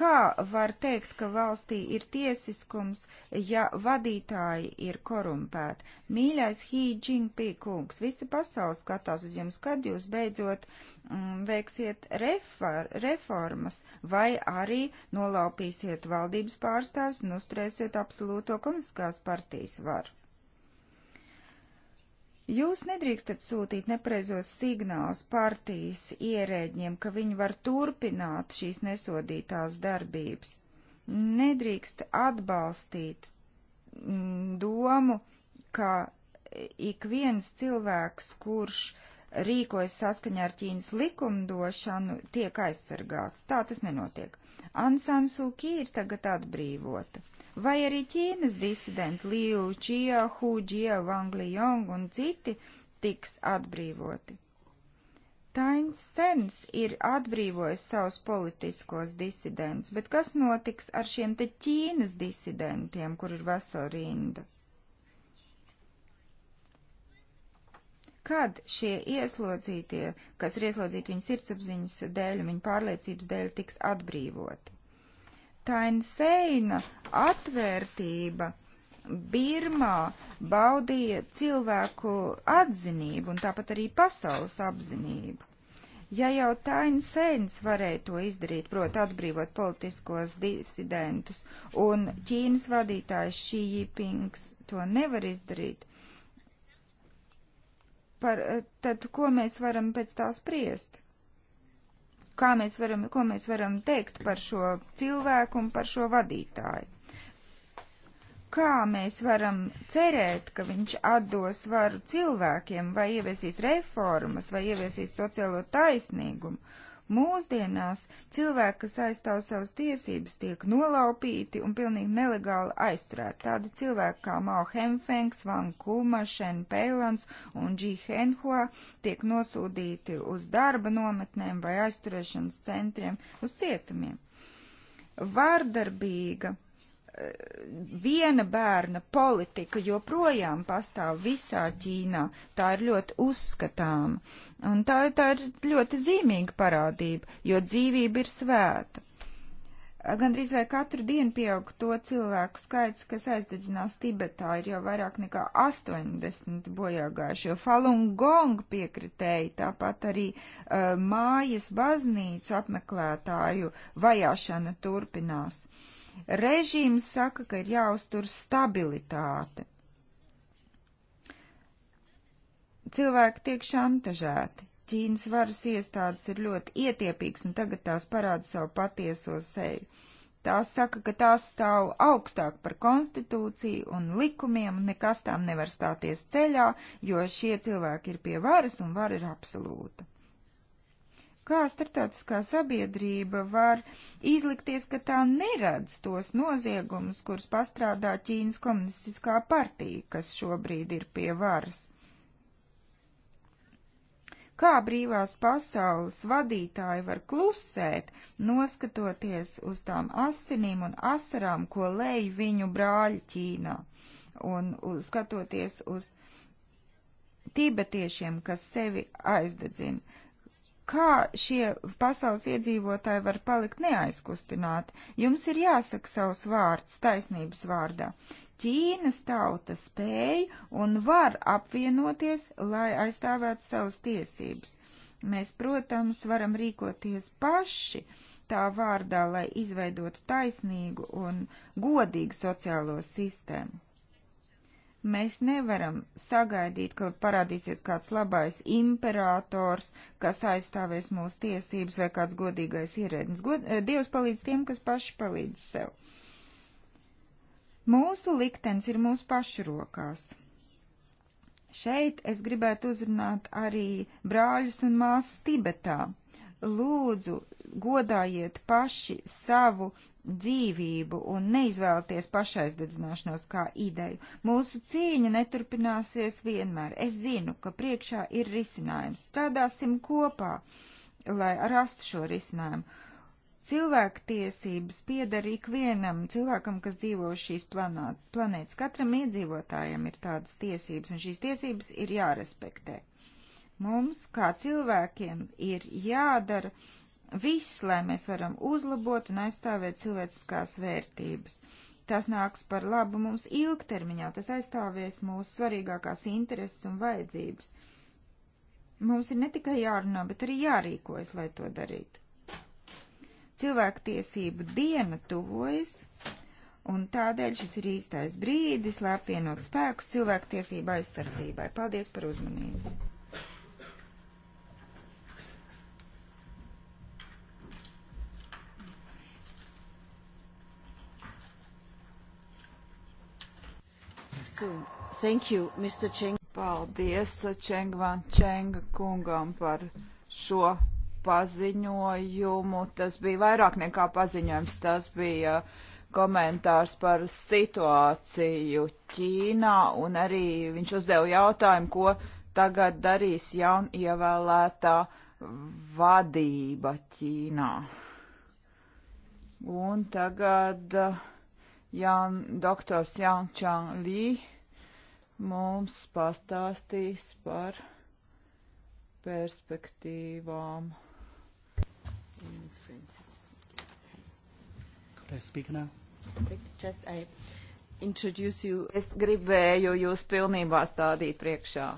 Kā var teikt, ka valstī ir tiesiskums, ja vadītāji ir korumpēti? Mīļais Hī Jinping kungs, visa pasaule skatās uz jums, kad jūs beidzot mm, veiksiet refor reformas vai arī nolaupīsiet valdības pārstāvis un uzturēsiet absolūto komunistiskās partijas varu. Jūs nedrīkstat sūtīt nepareizos signālus partijas ierēģiem, ka viņi var turpināt šīs nesodītās darbības. Nedrīkst atbalstīt mm, domu, ka ik viens cilvēks, kurš rīkojas saskaņā ar Ķīnas likumdošanu, tiek aizsargāts. Tā tas nenotiek. Ansan Sūkī ir tagad atbrīvota vai arī Ķīnas disidenti Liu Čija, Hu Jie, Wang Lijong un citi tiks atbrīvoti. Tains Sens ir atbrīvojis savus politiskos disidentus, bet kas notiks ar šiem te Ķīnas disidentiem, kur ir vesela rinda? Kad šie ieslodzītie, kas ir ieslodzīti viņa sirdsapziņas dēļ un viņa pārliecības dēļ, tiks atbrīvoti? Tainseina atvērtība Birmā baudīja cilvēku atzinību un tāpat arī pasaules apzinību. Ja jau Tainsēns varēja to izdarīt, proti atbrīvot politiskos disidentus, un Ķīnas vadītājs Šī Jipings to nevar izdarīt, par, tad ko mēs varam pēc tā spriest? kā mēs varam, ko mēs varam teikt par šo cilvēku un par šo vadītāju. Kā mēs varam cerēt, ka viņš atdos varu cilvēkiem vai ieviesīs reformas vai ieviesīs sociālo taisnīgumu Mūsdienās cilvēki, kas aizstāv savas tiesības, tiek nolaupīti un pilnīgi nelegāli aizturēti. Tādi cilvēki kā Mao Hemfengs, Van Kuma, Shen Peilans un Dži Henhua tiek nosūdīti uz darba nometnēm vai aizturēšanas centriem uz cietumiem. Vārdarbīga viena bērna politika joprojām pastāv visā Ķīnā. Tā ir ļoti uzskatāma. Un tā, tā ir ļoti zīmīga parādība, jo dzīvība ir svēta. Gandrīz vai katru dienu pieaug to cilvēku skaits, kas aizdedzinās Tibetā, ir jau vairāk nekā 80 bojāgājuši, jo Falun Gong piekritēji, tāpat arī uh, mājas baznīcu apmeklētāju vajāšana turpinās. Uh, Režīms saka, ka ir jāuztur stabilitāte. Cilvēki tiek šantažēti. Ķīnas varas iestādes ir ļoti ietiepīgas un tagad tās parāda savu patieso seju. Tās saka, ka tās stāv augstāk par konstitūciju un likumiem, un nekas tām nevar stāties ceļā, jo šie cilvēki ir pie varas un vara ir absolūta. Kā starptautiskā sabiedrība var izlikties, ka tā neredz tos noziegumus, kurus pastrādā Ķīnas komunistiskā partija, kas šobrīd ir pie varas? Kā brīvās pasaules vadītāji var klusēt, noskatoties uz tām asinīm un asarām, ko lej viņu brāļi Ķīnā, un uz, skatoties uz tibetiešiem, kas sevi aizdedzina? kā šie pasaules iedzīvotāji var palikt neaizkustināti. Jums ir jāsaka savs vārds taisnības vārdā. Ķīnas tauta spēj un var apvienoties, lai aizstāvētu savas tiesības. Mēs, protams, varam rīkoties paši tā vārdā, lai izveidotu taisnīgu un godīgu sociālo sistēmu. Mēs nevaram sagaidīt, ka parādīsies kāds labais imperators, kas aizstāvēs mūsu tiesības vai kāds godīgais ierēdnis. God, eh, Dievs palīdz tiem, kas paši palīdz sev. Mūsu liktenis ir mūsu pašu rokās. Šeit es gribētu uzrunāt arī brāļus un māsas Tibetā. Lūdzu, godājiet paši savu dzīvību un neizvēlaties pašaizdedzināšanos kā ideju. Mūsu cīņa neturpināsies vienmēr. Es zinu, ka priekšā ir risinājums. Strādāsim kopā, lai rastu šo risinājumu. Cilvēktiesības pieder ikvienam cilvēkam, kas dzīvo uz šīs planētas. Katram iedzīvotājam ir tādas tiesības, un šīs tiesības ir jārespektē. Mums, kā cilvēkiem, ir jādara viss, lai mēs varam uzlabot un aizstāvēt cilvēciskās vērtības. Tas nāks par labu mums ilgtermiņā, tas aizstāvēs mūsu svarīgākās intereses un vajadzības. Mums ir ne tikai jārunā, bet arī jārīkojas, lai to darītu. Cilvēktiesību diena tuvojas, un tādēļ šis ir īstais brīdis, lai apvienot spēkus cilvēktiesību aizsardzībai. Paldies par uzmanību! soon. Thank you, Mr. Cheng. Paldies Čengvan Čenga kungam par šo paziņojumu. Tas bija vairāk nekā paziņojums, tas bija komentārs par situāciju Ķīnā un arī viņš uzdeva jautājumu, ko tagad darīs jaunievēlētā vadība Ķīnā. Un tagad uh, Jan, doktors Jan Čang Lī mums pastāstīs par perspektīvām. Es gribēju jūs pilnībā stādīt priekšā.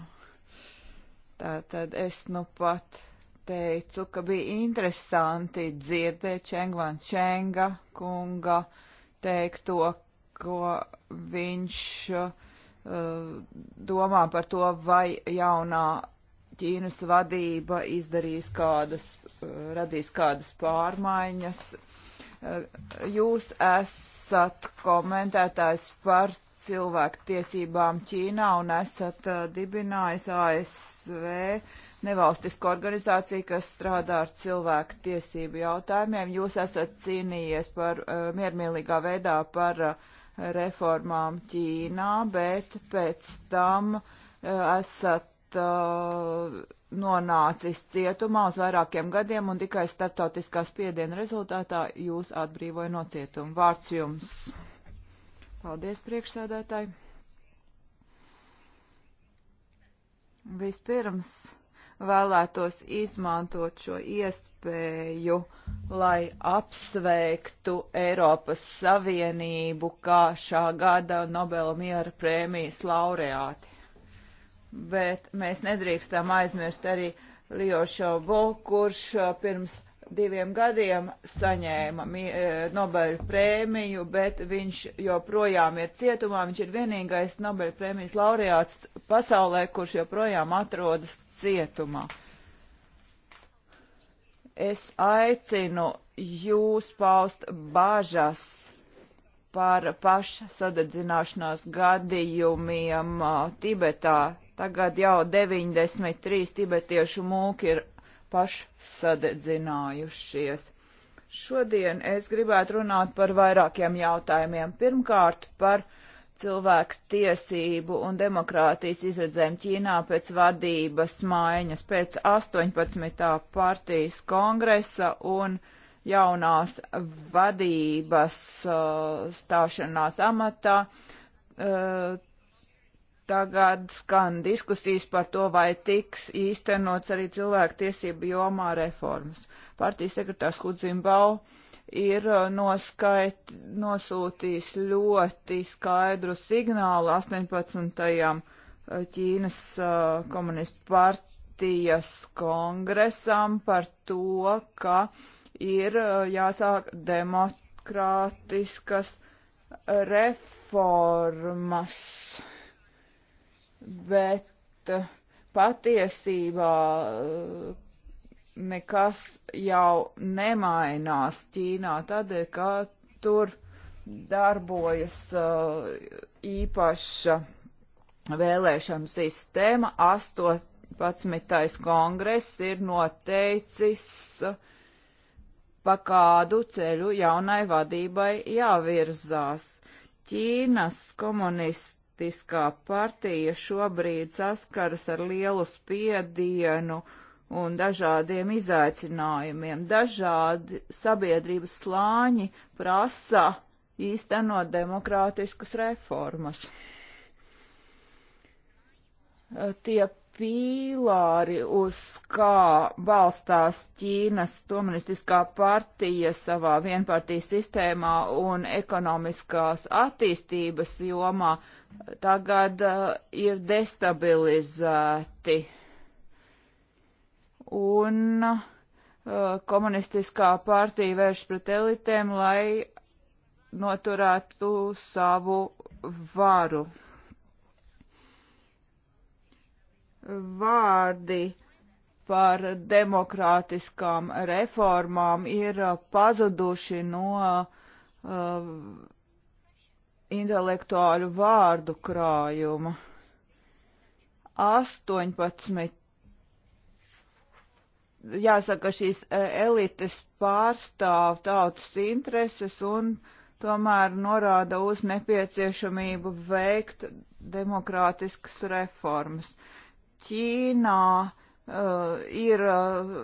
Tātad es nu pat teicu, ka bija interesanti dzirdēt Čengvan Čenga kunga teikto, ko viņš uh, Uh, domā par to, vai jaunā Ķīnas vadība izdarīs kādas, uh, radīs kādas pārmaiņas. Uh, jūs esat komentētājs par cilvēku tiesībām Ķīnā un esat dibinājis ASV nevalstisko organizāciju, kas strādā ar cilvēku tiesību jautājumiem. Jūs esat cīnījies par miermīlīgā veidā par uh, reformām Ķīnā, bet pēc tam eh, esat uh, nonācis cietumā uz vairākiem gadiem un tikai starptautiskā spiediena rezultātā jūs atbrīvoja no cietuma. Vārds jums. Paldies, priekšsēdētāji. Vispirms vēlētos izmantot šo iespēju, lai apsveiktu Eiropas Savienību kā šā gada Nobela miera prēmijas laureāti. Bet mēs nedrīkstam aizmirst arī Liošo Bo, kurš uh, pirms diviem gadiem saņēma e, Nobeļa prēmiju, bet viņš joprojām ir cietumā. Viņš ir vienīgais Nobeļa prēmijas laureāts pasaulē, kurš joprojām atrodas cietumā. Es aicinu jūs paust bažas par pašsadedzināšanās gadījumiem Tibetā. Tagad jau 93 tibetiešu mūki ir pašsadedzinājušies. Šodien es gribētu runāt par vairākiem jautājumiem. Pirmkārt, par cilvēku tiesību un demokrātijas izredzēm Ķīnā pēc vadības maiņas, pēc 18. partijas kongresa un jaunās vadības uh, stāšanās amatā. Uh, Tagad skan diskusijas par to, vai tiks īstenots arī cilvēktiesību jomā reformas. Partijas sekretārs Hudzimbau ir uh, noskait, nosūtījis ļoti skaidru signālu 18. Uh, Ķīnas uh, komunistu partijas kongresam par to, ka ir jāsāk demokrātiskas reformas bet eh, patiesībā eh, nekas jau nemainās Ķīnā tādēļ, ka tur darbojas eh, īpaša vēlēšanu sistēma. 18. kongress ir noteicis, pa kādu ceļu jaunai vadībai jāvirzās. Ķīnas komunists Demokrātiskā partija šobrīd saskaras ar lielu spiedienu un dažādiem izaicinājumiem. Dažādi sabiedrības slāņi prasa īstenot demokrātiskas reformas. Tie pīlāri, uz kā balstās Ķīnas komunistiskā partija savā vienpartijas sistēmā un ekonomiskās attīstības jomā, uh, tagad uh, ir destabilizēti. Un uh, komunistiskā partija vērš pret elitēm, lai noturētu savu varu. Vārdi par demokrātiskām reformām ir pazuduši no uh, intelektuāļu vārdu krājuma. 18. Jāsaka, šīs e, elites pārstāv tautas intereses un tomēr norāda uz nepieciešamību veikt demokrātiskas reformas. Ķīnā uh, ir uh,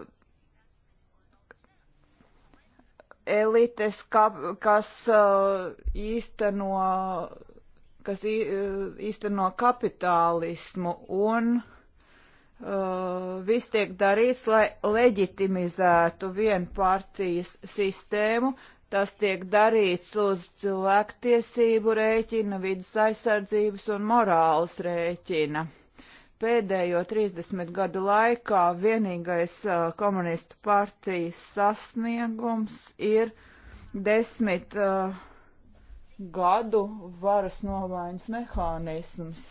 elites, ka, kas uh, īsteno, kas uh, īsteno kapitālismu un Uh, viss tiek darīts, lai leģitimizētu vienpartijas sistēmu. Tas tiek darīts uz cilvēktiesību rēķina, vidas aizsardzības un morāles rēķina pēdējo 30 gadu laikā vienīgais uh, komunistu partijas sasniegums ir desmit uh, gadu varas novājums mehānisms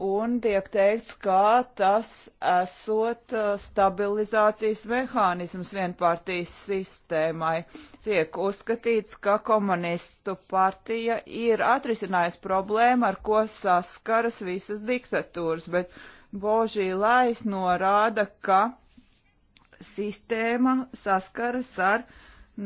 un tiek teikts, ka tas esot uh, stabilizācijas mehānisms vienpartijas sistēmai. Tiek uzskatīts, ka komunistu partija ir atrisinājusi problēmu, ar ko saskaras visas diktatūras, bet Božī Lais norāda, ka sistēma saskaras ar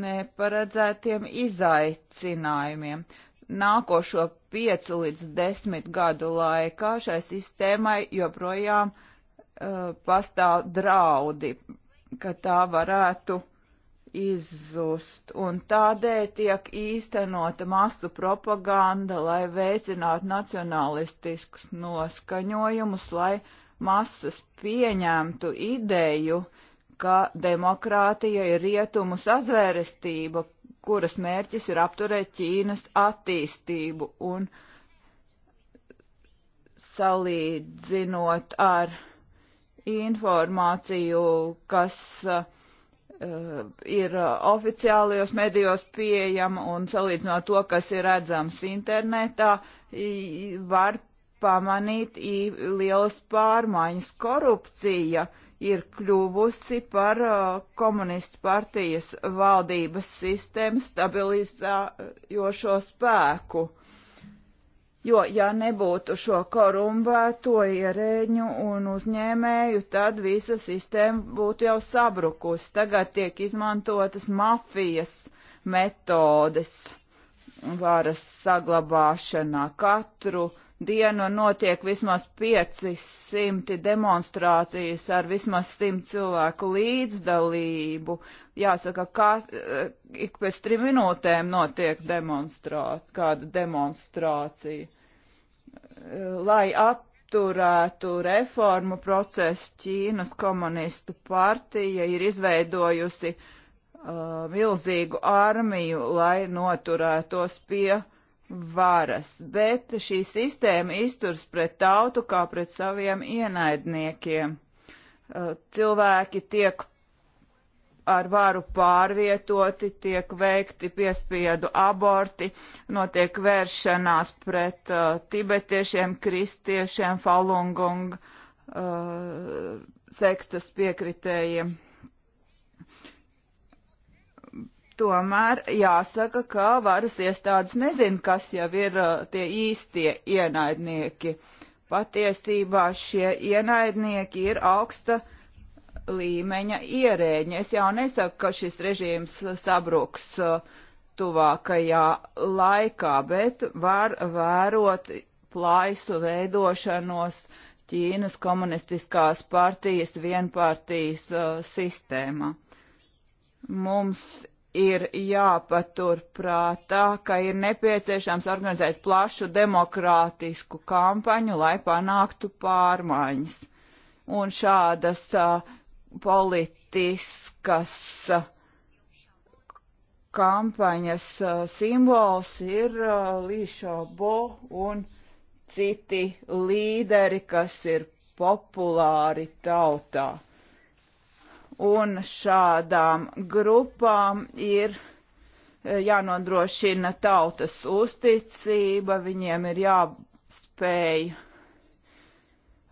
neparedzētiem izaicinājumiem. Uh, nākošo piecu līdz desmit gadu laikā šai sistēmai joprojām uh, pastāv draudi, ka tā varētu izzust, un tādēļ tiek īstenota masu propaganda, lai veicinātu nacionalistiskus noskaņojumus, lai masas pieņemtu ideju, ka demokrātija ir rietumu sazvērestība, kuras mērķis ir apturēt Ķīnas attīstību un salīdzinot ar informāciju, kas uh, ir oficiālajos medijos pieejama un salīdzinot to, kas ir redzams internetā, var pamanīt lielas pārmaiņas. Korupcija uh, ir kļuvusi par uh, komunistu partijas valdības sistēmas stabilizējošo spēku. Jo, ja nebūtu šo korumpēto ierēģu un uzņēmēju, tad visa sistēma būtu jau sabrukusi. Tagad tiek izmantotas mafijas metodes varas saglabāšanā katru uh, dienu notiek vismaz 500 demonstrācijas ar vismaz 100 cilvēku līdzdalību. Jāsaka, ka eh, ik pēc trim minūtēm notiek demonstrāt, kāda demonstrācija. Eh, lai apturētu reformu procesu, Ķīnas komunistu partija ir izveidojusi uh, milzīgu armiju, lai noturētos pie uh, varas, bet šī sistēma izturs pret tautu kā pret saviem ienaidniekiem. Cilvēki tiek ar varu pārvietoti, tiek veikti piespiedu aborti, notiek vēršanās pret uh, tibetiešiem, kristiešiem, falungung uh, sektas piekritējiem. Tomēr jāsaka, ka varas iestādes nezin, kas jau ir uh, tie īstie ienaidnieki. Patiesībā šie ienaidnieki ir augsta līmeņa ierēģi. Es jau nesaku, ka šis režīms sabruks uh, tuvākajā laikā, bet var vērot plaisu veidošanos Ķīnas komunistiskās partijas vienpartijas uh, sistēmā. Mums ir jāpatur prātā, ka ir nepieciešams organizēt plašu demokrātisku kampaņu, lai panāktu pārmaiņas. Un šādas uh, politiskas uh, kampaņas uh, simbols ir Līšo Bo un citi līderi, kas ir populāri tautā un šādām grupām ir eh, jānodrošina tautas uzticība, viņiem ir jāspēj uh,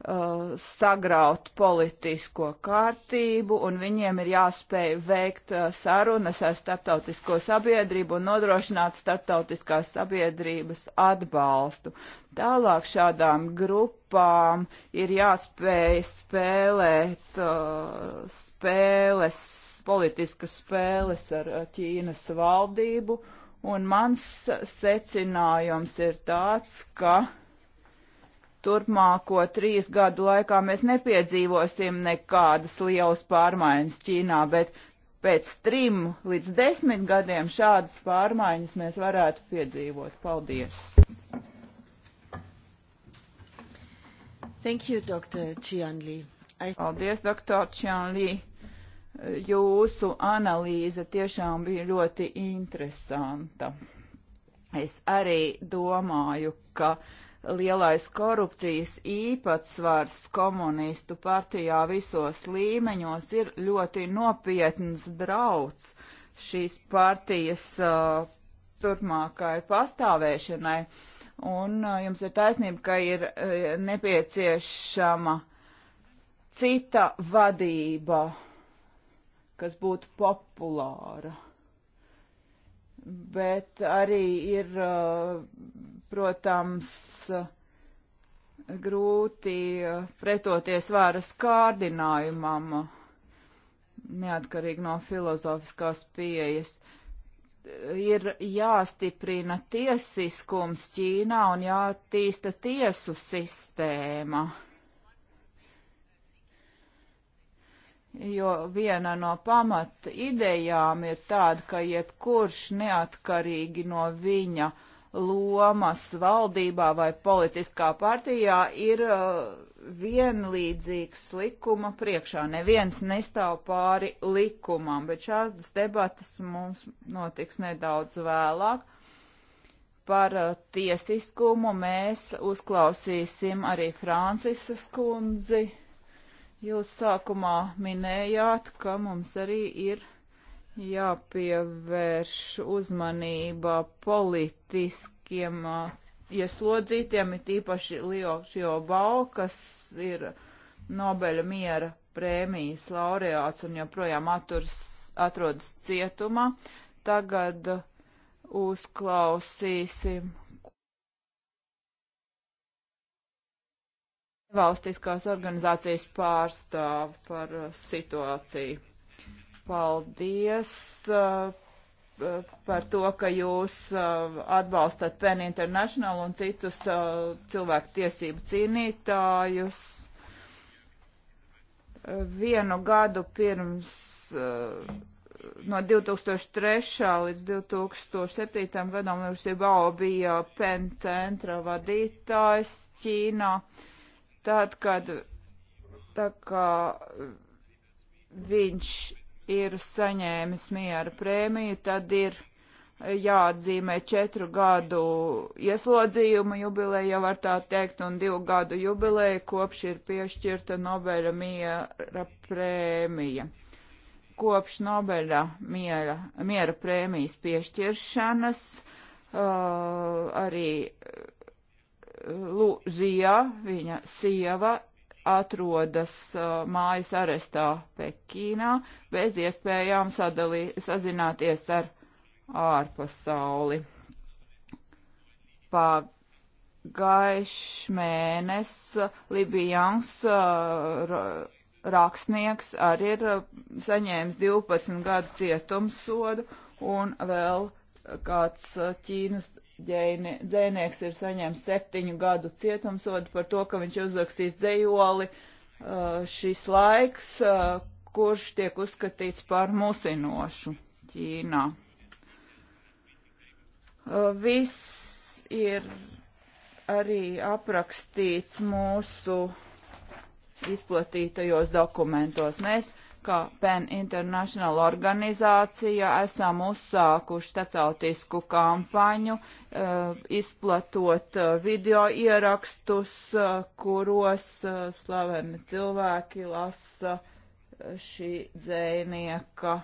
uh, sagraut politisko kārtību, un viņiem ir jāspēj veikt uh, sarunas ar starptautisko sabiedrību un nodrošināt starptautiskās sabiedrības atbalstu. Tālāk šādām grupām ir jāspēj spēlēt uh, spēles, politiskas spēles ar uh, Ķīnas valdību, un mans secinājums ir tāds, ka turpmāko trīs gadu laikā mēs nepiedzīvosim nekādas lielas pārmaiņas Ķīnā, bet pēc trim līdz desmit gadiem šādas pārmaiņas mēs varētu piedzīvot. Paldies! Thank you, Dr. Qianli. I... Paldies, Dr. Qianli. Jūsu analīze tiešām bija ļoti interesanta. Es arī domāju, ka uh, lielais korupcijas īpatsvars komunistu partijā visos līmeņos ir ļoti nopietns drauds šīs partijas uh, turpmākai pastāvēšanai. Un uh, jums ir taisnība, ka ir uh, nepieciešama cita vadība, kas būtu populāra. Bet arī ir uh, protams, grūti pretoties vāras kārdinājumam, neatkarīgi no filozofiskās pieejas. Ir jāstiprina tiesiskums Ķīnā un jātīsta tiesu sistēma. Jo viena no pamata idejām ir tāda, ka jebkurš neatkarīgi no viņa uh, lomas valdībā vai politiskā partijā ir uh, vienlīdzīgs likuma priekšā. Neviens nestāv pāri likumam, bet šādas debatas mums notiks nedaudz vēlāk. Par uh, tiesiskumu mēs uzklausīsim arī Francisas kundzi. Jūs sākumā minējāt, ka mums arī ir jāpievērš uzmanība politiskiem uh, ieslodzītiem, it īpaši Liošio Bau, kas ir Nobeļa miera prēmijas laureāts un joprojām aturs, atrodas cietumā. Tagad uh, uzklausīsim valstiskās organizācijas pārstāvu par uh, situāciju paldies uh, par to, ka jūs uh, atbalstat PEN International un citus uh, cilvēku tiesību cīnītājus. Vienu gadu pirms no 2003. līdz 2007. gadam Lucy Bao bija PEN centra vadītājs Ķīnā. Tad, kad tā kā viņš ir saņēmis miera prēmiju, tad ir jāatzīmē četru gadu ieslodzījuma jubileja, jau var tā teikt, un divu gadu jubileja, kopš ir piešķirta Nobeļa miera prēmija. Kopš Nobeļa miera, miera prēmijas piešķiršanas uh, arī Lūzija, viņa sieva, atrodas uh, mājas arestā Pekīnā bez iespējām sadalī, sazināties ar ārpasauli. Pagaišs mēnes Libijans uh, rakstnieks arī ir uh, saņēmis 12 gadu cietumsodu un vēl kāds uh, Ķīnas ģēni, dzēnieks ir saņēmis septiņu gadu cietumsodu par to, ka viņš uzrakstīs dzējoli uh, šis laiks, uh, kurš tiek uzskatīts par musinošu Ķīnā. Uh, viss ir arī aprakstīts mūsu izplatītajos dokumentos. Mēs kā PEN International organizācija esam uzsākuši starptautisku kampaņu, uh, izplatot uh, video ierakstus, uh, kuros slaveni cilvēki lasa šī dzēnieka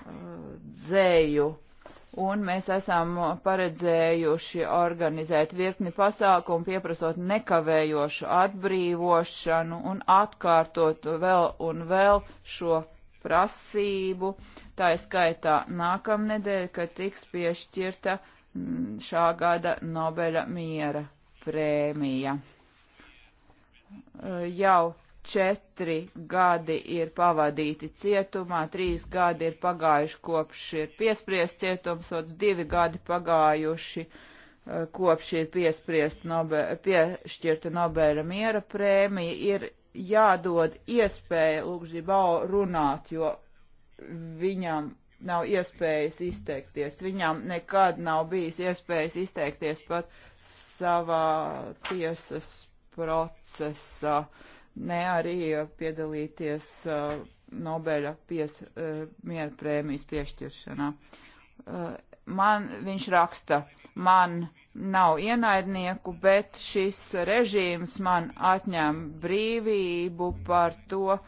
dzēju un mēs esam paredzējuši organizēt virkni pasākumu, pieprasot nekavējošu atbrīvošanu un atkārtot vēl un vēl šo prasību. Tā ir skaitā nākamnedēļ, kad tiks piešķirta mm, šā gada Nobeļa miera prēmija. Jau četri gadi ir pavadīti cietumā, trīs gadi ir pagājuši kopš ir piespriest cietumsots, divi gadi pagājuši eh, kopš ir piespriest nobe, piešķirta Nobēra miera prēmija, ir jādod iespēja Lūkžibau runāt, jo viņam nav iespējas izteikties. Viņam nekad nav bijis iespējas izteikties pat savā tiesas procesā. Uh, ne arī eh, piedalīties eh, Nobeļa pies, eh, miera prēmijas piešķiršanā. Man, viņš raksta, man nav ienaidnieku, bet šis režīms man atņem brīvību par to,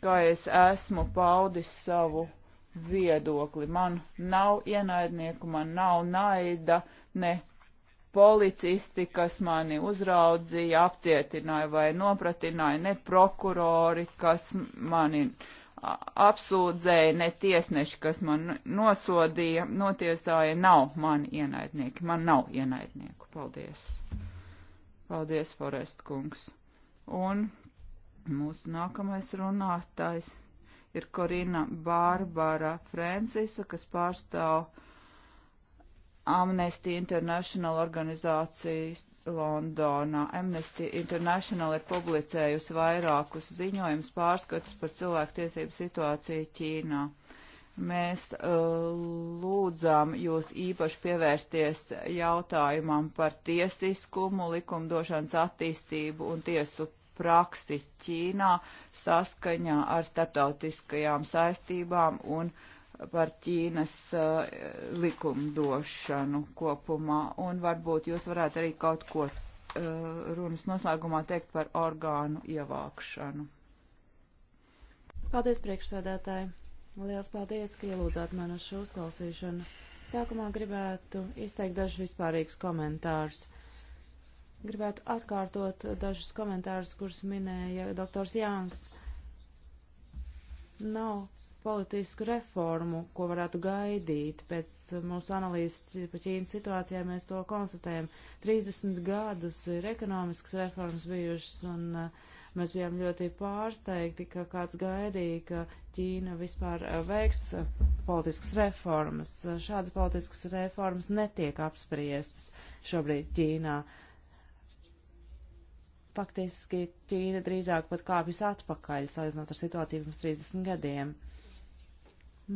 ka es esmu paudis savu viedokli. Man nav ienaidnieku, man nav naida, ne policisti, kas mani uzraudzīja, apcietināja vai nopratināja, ne prokurori, kas mani apsūdzēja, ne tiesneši, kas man nosodīja, notiesāja, nav mani ienaidnieki. Man nav ienaidnieku. Paldies. Paldies, Forest kungs. Un mūsu nākamais runātājs ir Korina Bārbara Francisa, kas pārstāv Amnesty International organizācijas Londonā. Amnesty International ir publicējusi vairākus ziņojumus pārskatus par cilvēktiesību situāciju Ķīnā. Mēs uh, lūdzām jūs īpaši pievērsties jautājumam par tiesiskumu, likumdošanas attīstību un tiesu praksi Ķīnā saskaņā ar starptautiskajām saistībām un uh, par Ķīnas uh, likumdošanu kopumā, un varbūt jūs varētu arī kaut ko uh, runas noslēgumā teikt par orgānu ievākšanu. Paldies, priekšsēdētāji! Liels paldies, ka ielūdzāt man uz šo uzklausīšanu. Sākumā gribētu izteikt dažus vispārīgus komentārus. Gribētu atkārtot dažus komentārus, kurus minēja doktors Jānis. Uh, nav politisku reformu, ko varētu gaidīt. Pēc mūsu analīzes par Ķīnas situācijā mēs to konstatējam. 30 gadus ir ekonomiskas reformas bijušas, un uh, mēs bijām ļoti pārsteigti, ka kāds gaidīja, ka Ķīna vispār uh, veiks uh, politiskas reformas. Šādas politiskas reformas netiek apspriestas šobrīd Ķīnā. Uh, faktiski Ķīna drīzāk pat kāpjas atpakaļ, salīdzinot ar situāciju pirms 30 gadiem.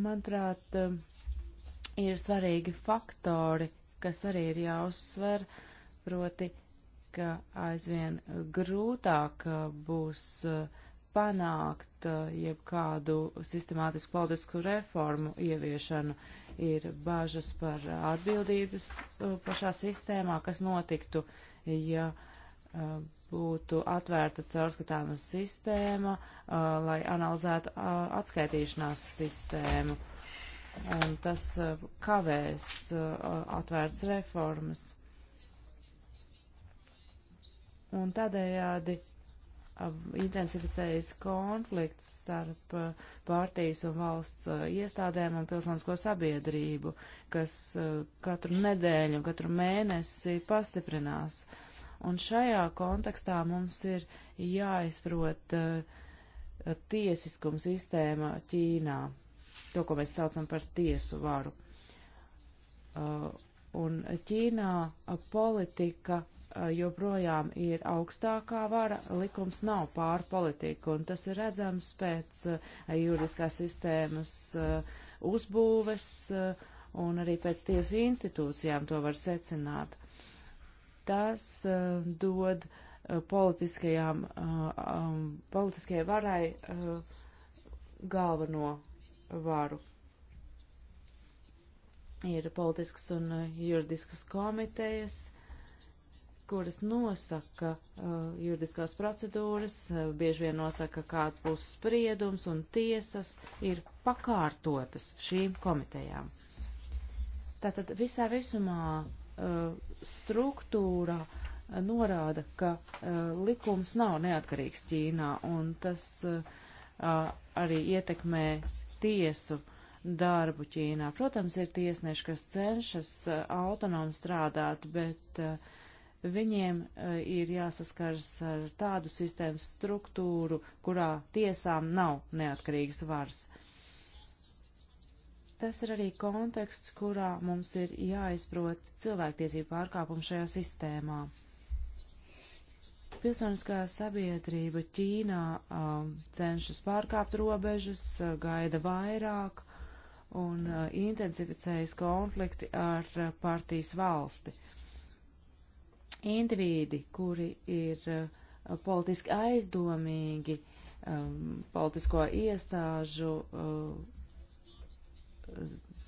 Manuprāt, um, ir svarīgi faktori, kas arī ir jāuzsver, proti, ka aizvien grūtāk uh, būs uh, panākt uh, jebkādu sistemātisku politisku reformu ieviešanu. Ir bažas par atbildības pašā sistēmā, kas notiktu, ja uh, Uh, būtu atvērta caurskatāma sistēma, uh, lai analizētu uh, atskaitīšanās sistēmu. Un tas kavēs atvērts reformas. Un tādējādi intensificējas konflikts starp pārtīs un valsts iestādēm un pilsonisko sabiedrību, kas katru nedēļu un katru mēnesi pastiprinās. Uh, Un šajā kontekstā mums ir jāizprot uh, tiesiskuma sistēma Ķīnā, to, ko mēs saucam par tiesu varu. Uh, un Ķīnā eh, politika joprojām ir augstākā vara, likums nav pār politiku, un tas ir redzams pēc juridiskās sistēmas uzbūves un arī pēc tiesu institūcijām to var secināt. Tas uh, dod uh, politiskajām, uh, um, politiskajai varai uh, galveno varu. Ir politiskas un juridiskas komitejas, kuras nosaka uh, juridiskās procedūras, uh, bieži vien nosaka, kāds būs spriedums, un tiesas ir pakārtotas šīm komitejām. Tātad visā visumā Uh, struktūra norāda, ka uh, likums nav neatkarīgs Ķīnā, un tas uh, arī ietekmē tiesu darbu Ķīnā. Protams, ir tiesneši, kas cenšas autonomi strādāt, bet viņiem ir jāsaskars ar tādu sistēmas struktūru, kurā tiesām nav neatkarīgas varas. Tas ir arī konteksts, kurā mums ir jāizprot cilvēktiesību pārkāpumu šajā sistēmā. Pilsoniskā sabiedrība Ķīnā um, cenšas pārkāpt robežas, uh, gaida vairāk un uh, intensificējas konflikti ar uh, partijas valsti. Indivīdi, kuri ir uh, politiski aizdomīgi um, politisko iestāžu uh,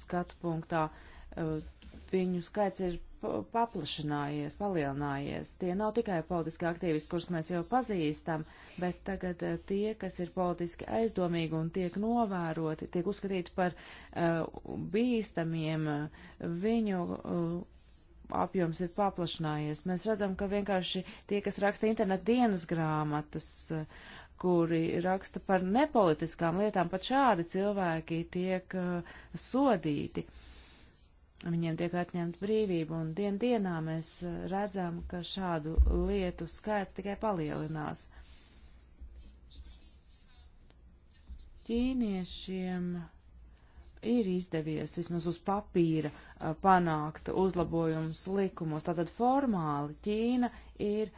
skatu punktā, e, viņu skaits ir paplašinājies, palielinājies. Tie nav tikai politiski aktīvisti, kurus mēs jau pazīstam, bet tagad e, tie, kas ir politiski aizdomīgi un tiek novēroti, tiek uzskatīti par uh, bīstamiem, viņu uh, apjoms ir paplašinājies. Mēs redzam, ka vienkārši tie, kas raksta internet dienas grāmatas, kuri raksta par nepolitiskām lietām, pat šādi cilvēki tiek uh, sodīti. Viņiem tiek atņemta brīvība, un dien dienā mēs eh, redzam, ka šādu lietu skaits tikai palielinās. Ķīniešiem ir izdevies vismaz uz papīra panākt uzlabojumus likumos. Tātad formāli Ķīna ir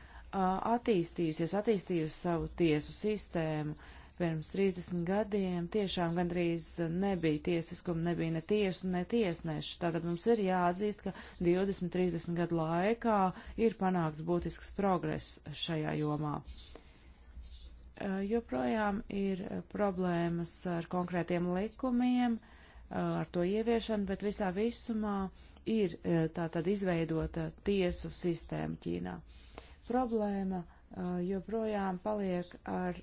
attīstījusies, attīstījusi savu tiesu sistēmu. Pirms 30 gadiem tiešām gandrīz nebija tiesiskuma, nebija ne tiesu, ne tiesnešu. Tātad mums ir jāatzīst, ka 20-30 gadu laikā ir panākts būtisks progress šajā jomā joprojām ir problēmas ar konkrētiem likumiem, Uh, ar to ieviešanu, bet visā visumā ir uh, tā tad izveidota tiesu sistēma Ķīnā. Problēma uh, joprojām paliek ar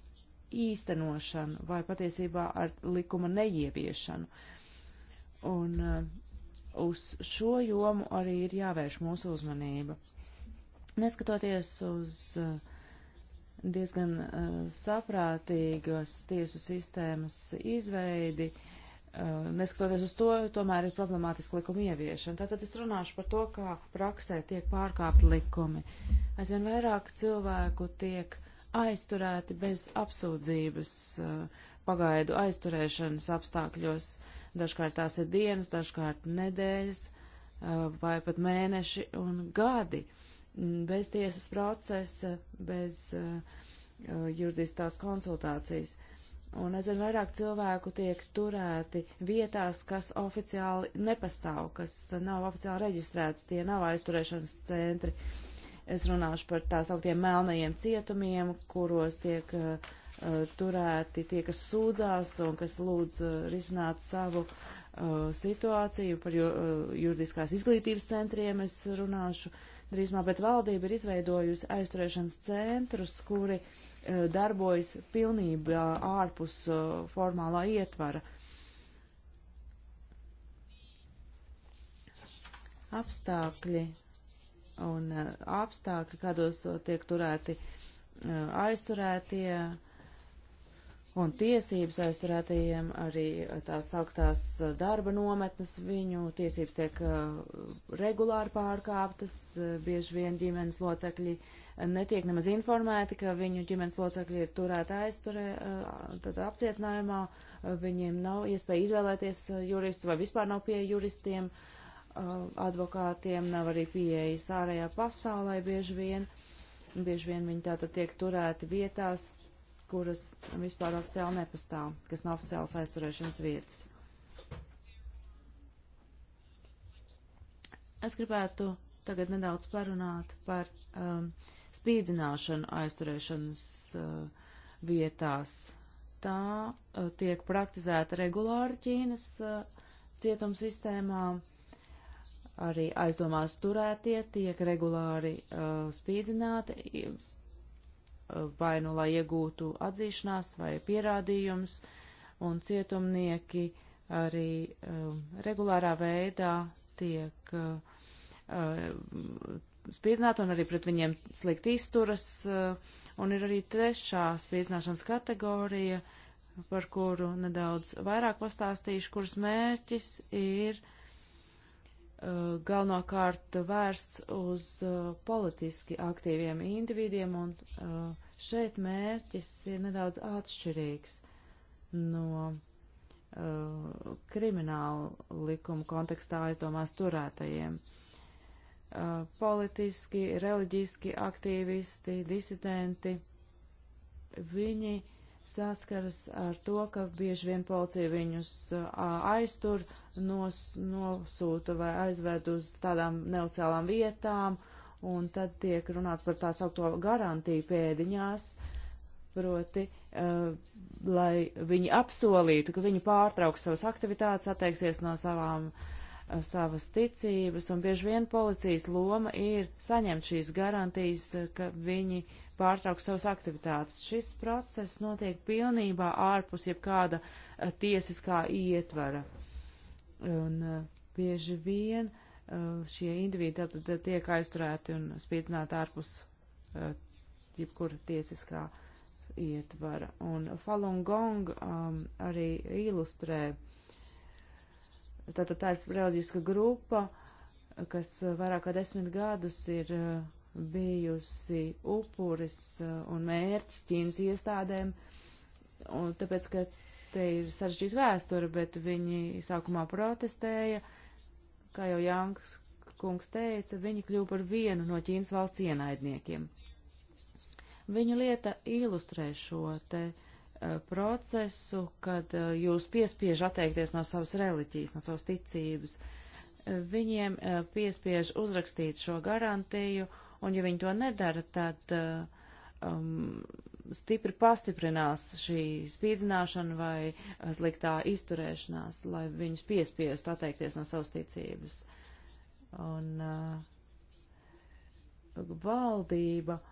īstenošanu vai patiesībā ar likuma neieviešanu. Un uz šo jomu arī ir jāvērš mūsu uzmanība. Neskatoties uz diezgan saprātīgas tiesu sistēmas izveidi, uh, Eh, neskatoties uz to, tomēr ir problemātiska likuma ieviešana. Tātad es runāšu par to, kā praksē tiek pārkāpti likumi. Aizvien vairāk cilvēku tiek aizturēti bez apsūdzības, eh, pagaidu aizturēšanas apstākļos. Dažkārt tās ir dienas, dažkārt nedēļas eh, vai pat mēneši un gadi mm, bez tiesas procesa, bez juridiskās konsultācijas. Uh, Un aizvien vairāk cilvēku tiek turēti vietās, kas oficiāli nepastāv, kas nav oficiāli reģistrēts, tie nav aizturēšanas centri. Es runāšu par tā sauktiem melnajiem cietumiem, kuros tiek uh, uh, turēti tie, kas sūdzās un kas lūdz uh, risināt savu uh, situāciju. Par ju, uh, juridiskās izglītības centriem es runāšu drīzumā, bet valdība ir izveidojusi aizturēšanas centrus, kuri uh, E, darbojas pilnībā ārpus e, formālā ietvara. Apstākļi un e, apstākļi, kādos tiek turēti aizturētie, un tiesības aizturētajiem arī tās augtās eh, darba nometnes, viņu tiesības tiek eh, regulāri pārkāptas, eh, bieži vien ģimenes locekļi netiek nemaz informēti, ka viņu ģimenes locekļi ir turēti aizturē, tad apcietinājumā, viņiem nav iespēja izvēlēties juristu vai vispār nav pie juristiem, advokātiem nav arī pieejas ārējā pasaulē bieži vien, bieži vien viņi tātad tiek turēti vietās, kuras vispār oficiāli nepastāv, kas nav oficiāls aizturēšanas vietas. Es gribētu tagad nedaudz parunāt par um, spīdzināšanu aizturēšanas uh, vietās. Tā uh, tiek praktizēta regulāri Ķīnas uh, cietumsistēmā. Arī aizdomās turētie tiek regulāri uh, spīdzināti, vai nu lai iegūtu atzīšanās vai pierādījums, un cietumnieki arī um, regulārā veidā tiek uh, spīdzināti un arī pret viņiem slikti izturas, uh, un ir arī trešā spīdzināšanas kategorija, par kuru nedaudz vairāk pastāstīšu, kuras mērķis ir uh, Eh, galvenokārt vērsts uz eh, politiski aktīviem individiem, un eh, šeit mērķis ir nedaudz atšķirīgs no kriminālu likumu kontekstā aizdomās turētajiem. Politiski, reliģiski aktīvisti, disidenti, viņi uh, saskaras ar to, ka bieži vien policija viņus aiztur, nos, nosūta vai aizved uz tādām neucēlām vietām, un tad tiek runāts par tā saukto garantiju pēdiņās, proti, uh, lai viņi apsolītu, ka viņi pārtrauks savas aktivitātes, atteiksies no savām uh, savas ticības, un bieži vien policijas loma ir saņemt šīs garantijas, ka viņi uh, pārtraukt savas aktivitātes. Šis process notiek pilnībā ārpus jebkāda eh, tiesiskā ietvara. Un eh, bieži vien eh, šie individi tad tiek aizturēti un spīdzināti ārpus jebkura tiesiskā ietvara. Un Falun Gong um, arī ilustrē, tātad tā ir reliģiska grupa, kas vairāk kā desmit gadus ir uh, bijusi upuris uh, un mērķis Ķīnas iestādēm, un tāpēc, ka te ir sarežģīta vēsture, bet viņi sākumā protestēja, kā jau Jāngs kungs teica, viņi kļuva par vienu no Ķīnas valsts ienaidniekiem. Viņa lieta ilustrē šo te uh, procesu, kad uh, jūs piespiež atteikties no savas reliģijas, no savas ticības. Uh, viņiem piespiež uzrakstīt šo garantiju un ja viņi to nedara, tad eh, um, stipri pastiprinās šī spīdzināšana vai eh, sliktā izturēšanās, lai viņus piespiestu atteikties no savas ticības. Un uh, valdība uh,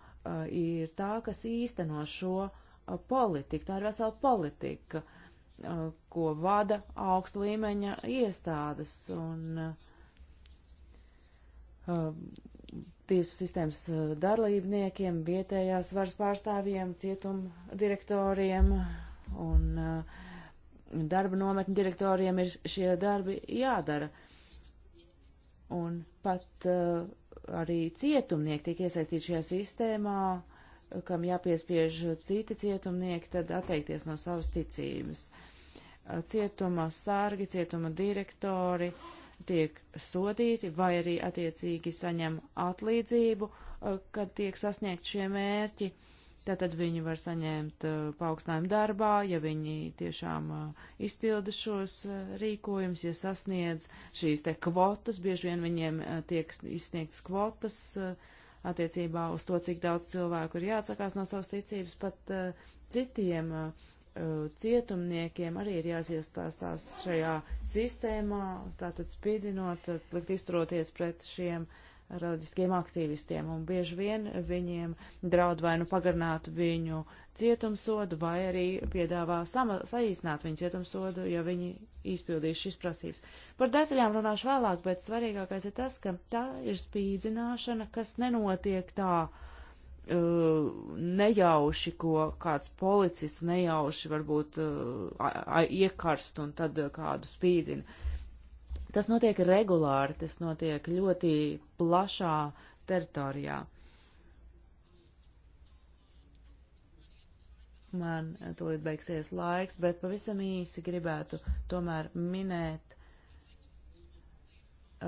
ir tā, kas īsteno šo uh, politiku, tā ir vesela politika, uh, ko vada augsta līmeņa iestādes. Un, uh, tiesu sistēmas uh, darlībniekiem, vietējās varas pārstāvjiem, cietuma direktoriem un uh, darba nometņu direktoriem ir šie darbi jādara. Un pat uh, arī cietumnieki tiek iesaistīti šajā sistēmā, kam jāpiespiež citi cietumnieki, tad atteikties no savas ticības. Cietuma sārgi, cietuma direktori, uh, tiek sodīti vai arī attiecīgi saņem atlīdzību, eh, kad tiek sasniegt šie mērķi. Tātad viņi var saņemt eh, paaugstinājumu darbā, ja viņi tiešām eh, izpilda šos rīkojumus, ja sasniedz šīs te kvotas, bieži vien viņiem tiek izsniegts kvotas attiecībā uz to, cik daudz cilvēku ir jāatsakās no savas ticības, pat citiem Eh, cietumniekiem arī ir jāsiestāstās šajā sistēmā, tātad spīdzinot, eh, likt izturoties pret šiem reliģiskiem aktīvistiem, un bieži vien viņiem draud vai nu pagarināt viņu cietumsodu, vai arī piedāvā sama, saīsināt viņu cietumsodu, ja viņi izpildīs šīs prasības. Par detaļām runāšu vēlāk, bet svarīgākais ir tas, ka tā ir spīdzināšana, kas nenotiek tā, uh, Uh, nejauši, ko kāds policists nejauši varbūt uh, iekarst un tad uh, kādu spīdzina. Tas notiek regulāri, tas notiek ļoti plašā teritorijā. Man tūlīt beigsies laiks, bet pavisam īsi gribētu tomēr minēt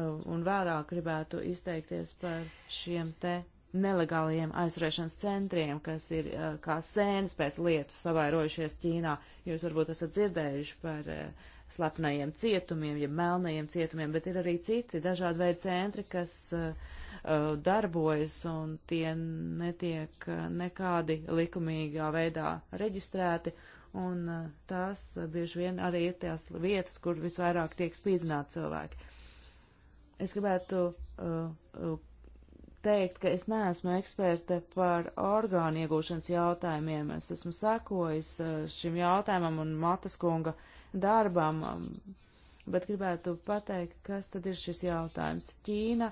un vērāk gribētu izteikties par šiem te nelegālajiem aizturēšanas centriem, kas ir uh, kā sēnes pēc lietu savairojušies Ķīnā. Jūs varbūt esat dzirdējuši par uh, slepnajiem cietumiem, jeb melnajiem cietumiem, bet ir arī citi dažādi veidi centri, kas uh, darbojas un tie netiek nekādi likumīgā veidā reģistrēti. Un tās bieži vien arī ir tās vietas, kur visvairāk tiek spīdzināti cilvēki. Es gribētu uh, teikt, ka es neesmu eksperte par orgānu iegūšanas jautājumiem. Es esmu sekojis uh, šim jautājumam un Matas kunga darbam, um, bet gribētu pateikt, kas tad ir šis jautājums. Ķīna,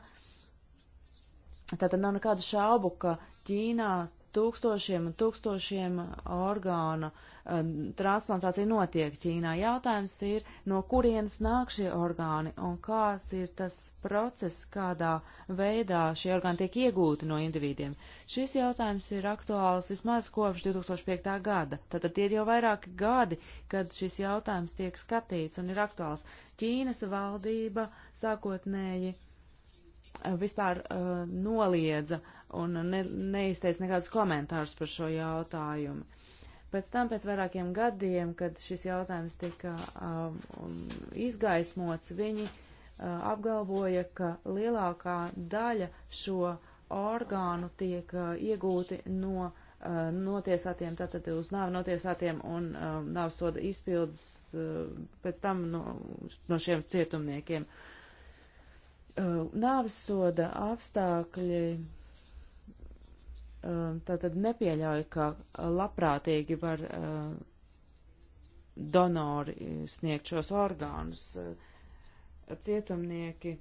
tātad nav nekādu šaubu, ka Ķīnā tūkstošiem un tūkstošiem orgāna uh, Um, transplantācija notiek Ķīnā. Jautājums ir, no kurienes nāk šie orgāni un kāds ir tas process, kādā veidā šie orgāni tiek iegūti no individiem. Šis jautājums ir aktuāls vismaz kopš 2005. gada. Tātad tie ir jau vairāki gadi, kad šis jautājums tiek skatīts un ir aktuāls. Ķīnas valdība sākotnēji uh, vispār uh, noliedza un ne, neizteica nekādus komentārus par šo jautājumu. Uh, Pēc tam, pēc vairākiem gadiem, kad šis jautājums tika um, izgaismots, viņi uh, apgalvoja, ka lielākā daļa šo orgānu tiek uh, iegūti no uh, notiesātiem, tātad uz nāvi notiesātiem un um, nāves soda izpildes uh, pēc tam no, no šiem cietumniekiem. Uh, nāves soda apstākļi Um, tātad nepieļauj, ka labprātīgi var um, donori sniegt šos orgānus. Uh, cietumnieki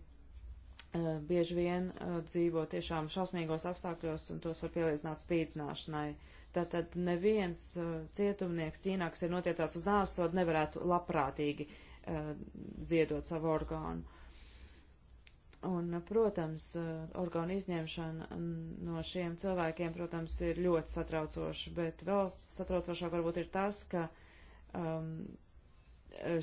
uh, bieži vien uh, dzīvo tiešām šausmīgos apstākļos un tos var pielīdzināt spīdzināšanai. Tātad neviens cietumnieks Ķīnā, kas ir notiecāts uz nāvsodu, nevarētu labprātīgi dziedot savu orgānu. Un, protams, eh, orgānu izņemšana no šiem cilvēkiem, protams, ir ļoti satraucoša, bet vēl satraucošāk varbūt ir tas, ka um,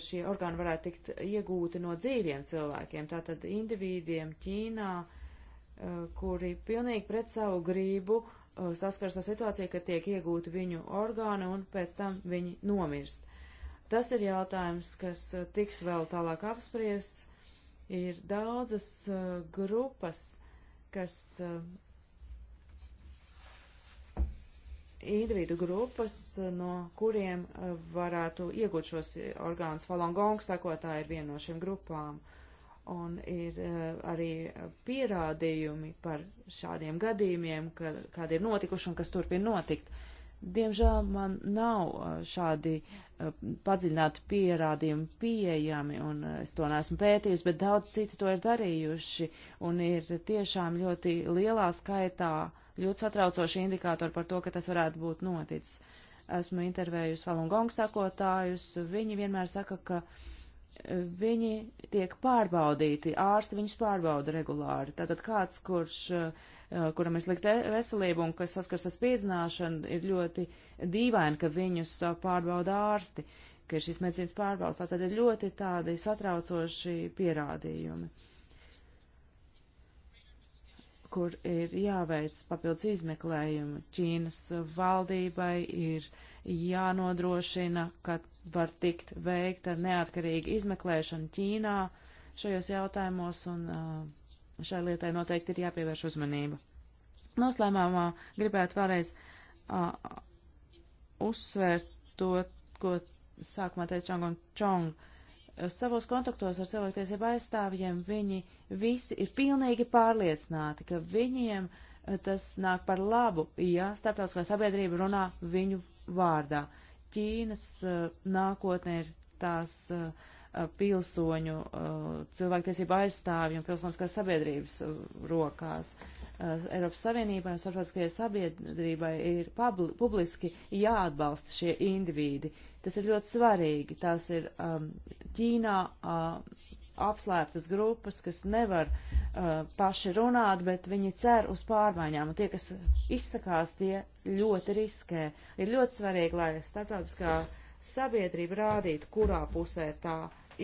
šie orgāni varētu tikt iegūti no dzīviem cilvēkiem, tātad individiem Ķīnā, uh, kuri pilnīgi pret savu grību uh, saskars ar situāciju, ka tiek iegūti viņu orgāni un pēc tam viņi nomirst. Tas ir jautājums, kas tiks vēl tālāk apspriests Ir daudzas uh, grupas, kas uh, individu grupas, uh, no kuriem uh, varētu iegūt šos uh, orgānus. Falongong sakotāji ir viena no šiem grupām. Un ir arī pierādījumi par šādiem gadījumiem, ka, kādi ir notikuši un kas turpina notikt. Diemžēl man nav uh, šādi uh, padziļināti pierādījumi pieejami, un uh, es to neesmu pētījis, bet daudz citi to ir darījuši, un ir tiešām ļoti lielā skaitā ļoti satraucoši indikātori par to, ka tas varētu būt noticis. Esmu intervējusi Falun Gong sakotājus, viņi vienmēr saka, ka uh, viņi tiek pārbaudīti, ārsti viņus pārbauda regulāri. Tātad kāds, kurš, eh, kuram ir slikta veselība un kas saskars ar spīdzināšanu, ir ļoti dīvaini, ka viņus eh, pārbauda ārsti, ka ir šis medicīnas pārbaudas. Tātad ir ļoti tādi satraucoši pierādījumi, kur ir jāveic papildus izmeklējumi. Ķīnas valdībai ir. Uh, jānodrošina, ka var tikt veikta neatkarīga izmeklēšana Ķīnā šajos jautājumos, un uh, šai lietai noteikti ir jāpievērš uzmanība. Noslēmumā gribētu vēlreiz uh, uzsvērt to, ko sākumā teica Čong un Čong. Savos kontaktos ar cilvēktiesību aizstāvjiem viņi visi ir pilnīgi pārliecināti, ka viņiem uh, tas nāk par labu, ja starptautiskā sabiedrība runā viņu vārdā. Ķīnas uh, eh, nākotne ir tās uh, pilsoņu, uh, cilvēktiesību aizstāvju un pilsoniskās sabiedrības rokās. Eiropas Savienībai un starptautiskajai sabiedrībai ir publiski jāatbalsta šie individi. Tas ir ļoti svarīgi. Tās ir um, Ķīnā apslēptas grupas, kas nevar uh, paši runāt, bet viņi cer uz pārmaiņām. Un tie, kas izsakās, tie ļoti riskē. Ir ļoti svarīgi, lai starptautiskā sabiedrība rādītu, kurā pusē tā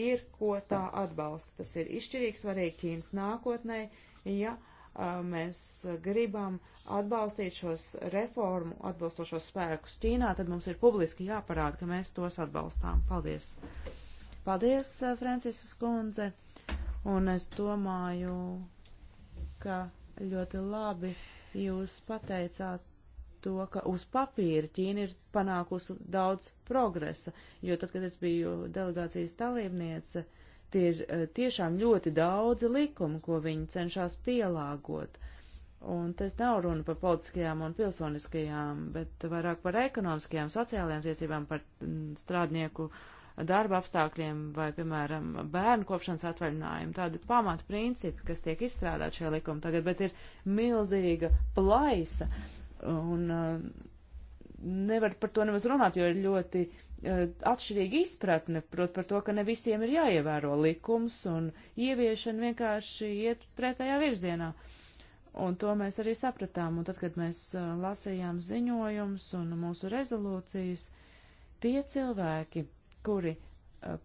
ir, ko tā atbalsta. Tas ir izšķirīgi svarīgi Ķīnas nākotnē, ja uh, mēs gribam atbalstīt šos reformu atbalstošos spēkus Ķīnā, tad mums ir publiski jāparāda, ka mēs tos atbalstām. Paldies! Paldies, eh, Franciskas kundze, un es domāju, ka ļoti labi jūs pateicāt to, ka uz papīra Ķīna ir panākusi daudz progresa, jo tad, kad es biju delegācijas dalībniece, tie ir eh, tiešām ļoti daudzi likumi, ko viņi cenšas pielāgot. Un tas nav runa par politiskajām un pilsoniskajām, bet vairāk par ekonomiskajām, sociālajām tiesībām, par mm, strādnieku uh, darba apstākļiem vai, piemēram, bērnu kopšanas atvaļinājumu, tādi pamata principi, kas tiek izstrādāti šajā likumā tagad, bet ir milzīga plaisa un uh, nevar par to nemaz runāt, jo ir ļoti uh, atšķirīga izpratne, prot par to, ka ne visiem ir jāievēro likums un ieviešana vienkārši iet pretējā virzienā. Un to mēs arī sapratām, un tad, kad mēs uh, lasījām ziņojums un mūsu rezolūcijas, tie cilvēki, kuri uh,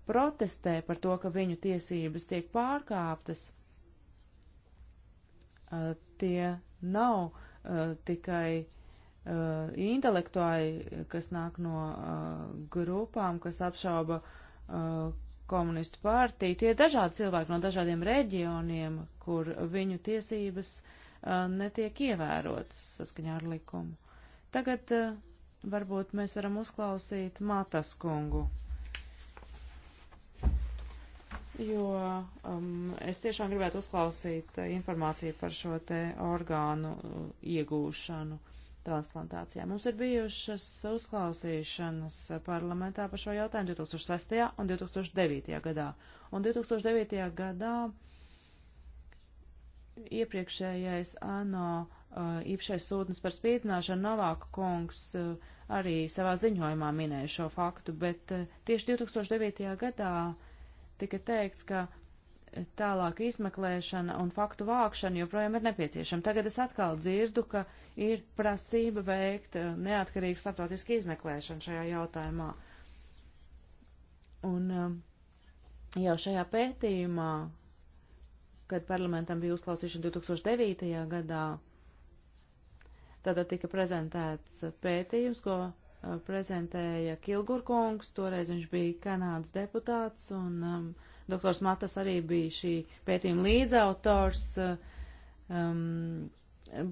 protestē par to, ka viņu tiesības tiek pārkāptas, uh, tie nav eh, tikai intelektuāļi, kas nāk no grupām, kas apšauba komunistu partiju. Tie ir dažādi cilvēki no dažādiem reģioniem, kur viņu tiesības uh, netiek ievērotas saskaņā ar likumu. Tagad uh, varbūt mēs varam uzklausīt Matas kungu jo um, es tiešām gribētu uzklausīt uh, informāciju par šo te orgānu uh, iegūšanu transplantācijā. Mums ir bijušas uzklausīšanas uh, parlamentā par šo jautājumu 2006. un 2009. gadā. Un 2009. gadā iepriekšējais ANO īpašais sūtnis par spīdzināšanu Novāku kungs arī savā ziņojumā minēja šo faktu, bet tieši 2009. gadā tika teikts, ka tālāk izmeklēšana un faktu vākšana joprojām ir nepieciešama. Tagad es atkal dzirdu, ka ir prasība veikt eh, neatkarīgu starptautisku izmeklēšanu šajā jautājumā. Un eh, jau šajā pētījumā, kad parlamentam bija uzklausīšana 2009. gadā, tātad tika prezentēts pētījums, ko Eh, prezentēja Kilgurkungs, toreiz viņš bija Kanādas deputāts, un um, doktors Matas arī bija šī pētījuma līdzautors. Eh, um,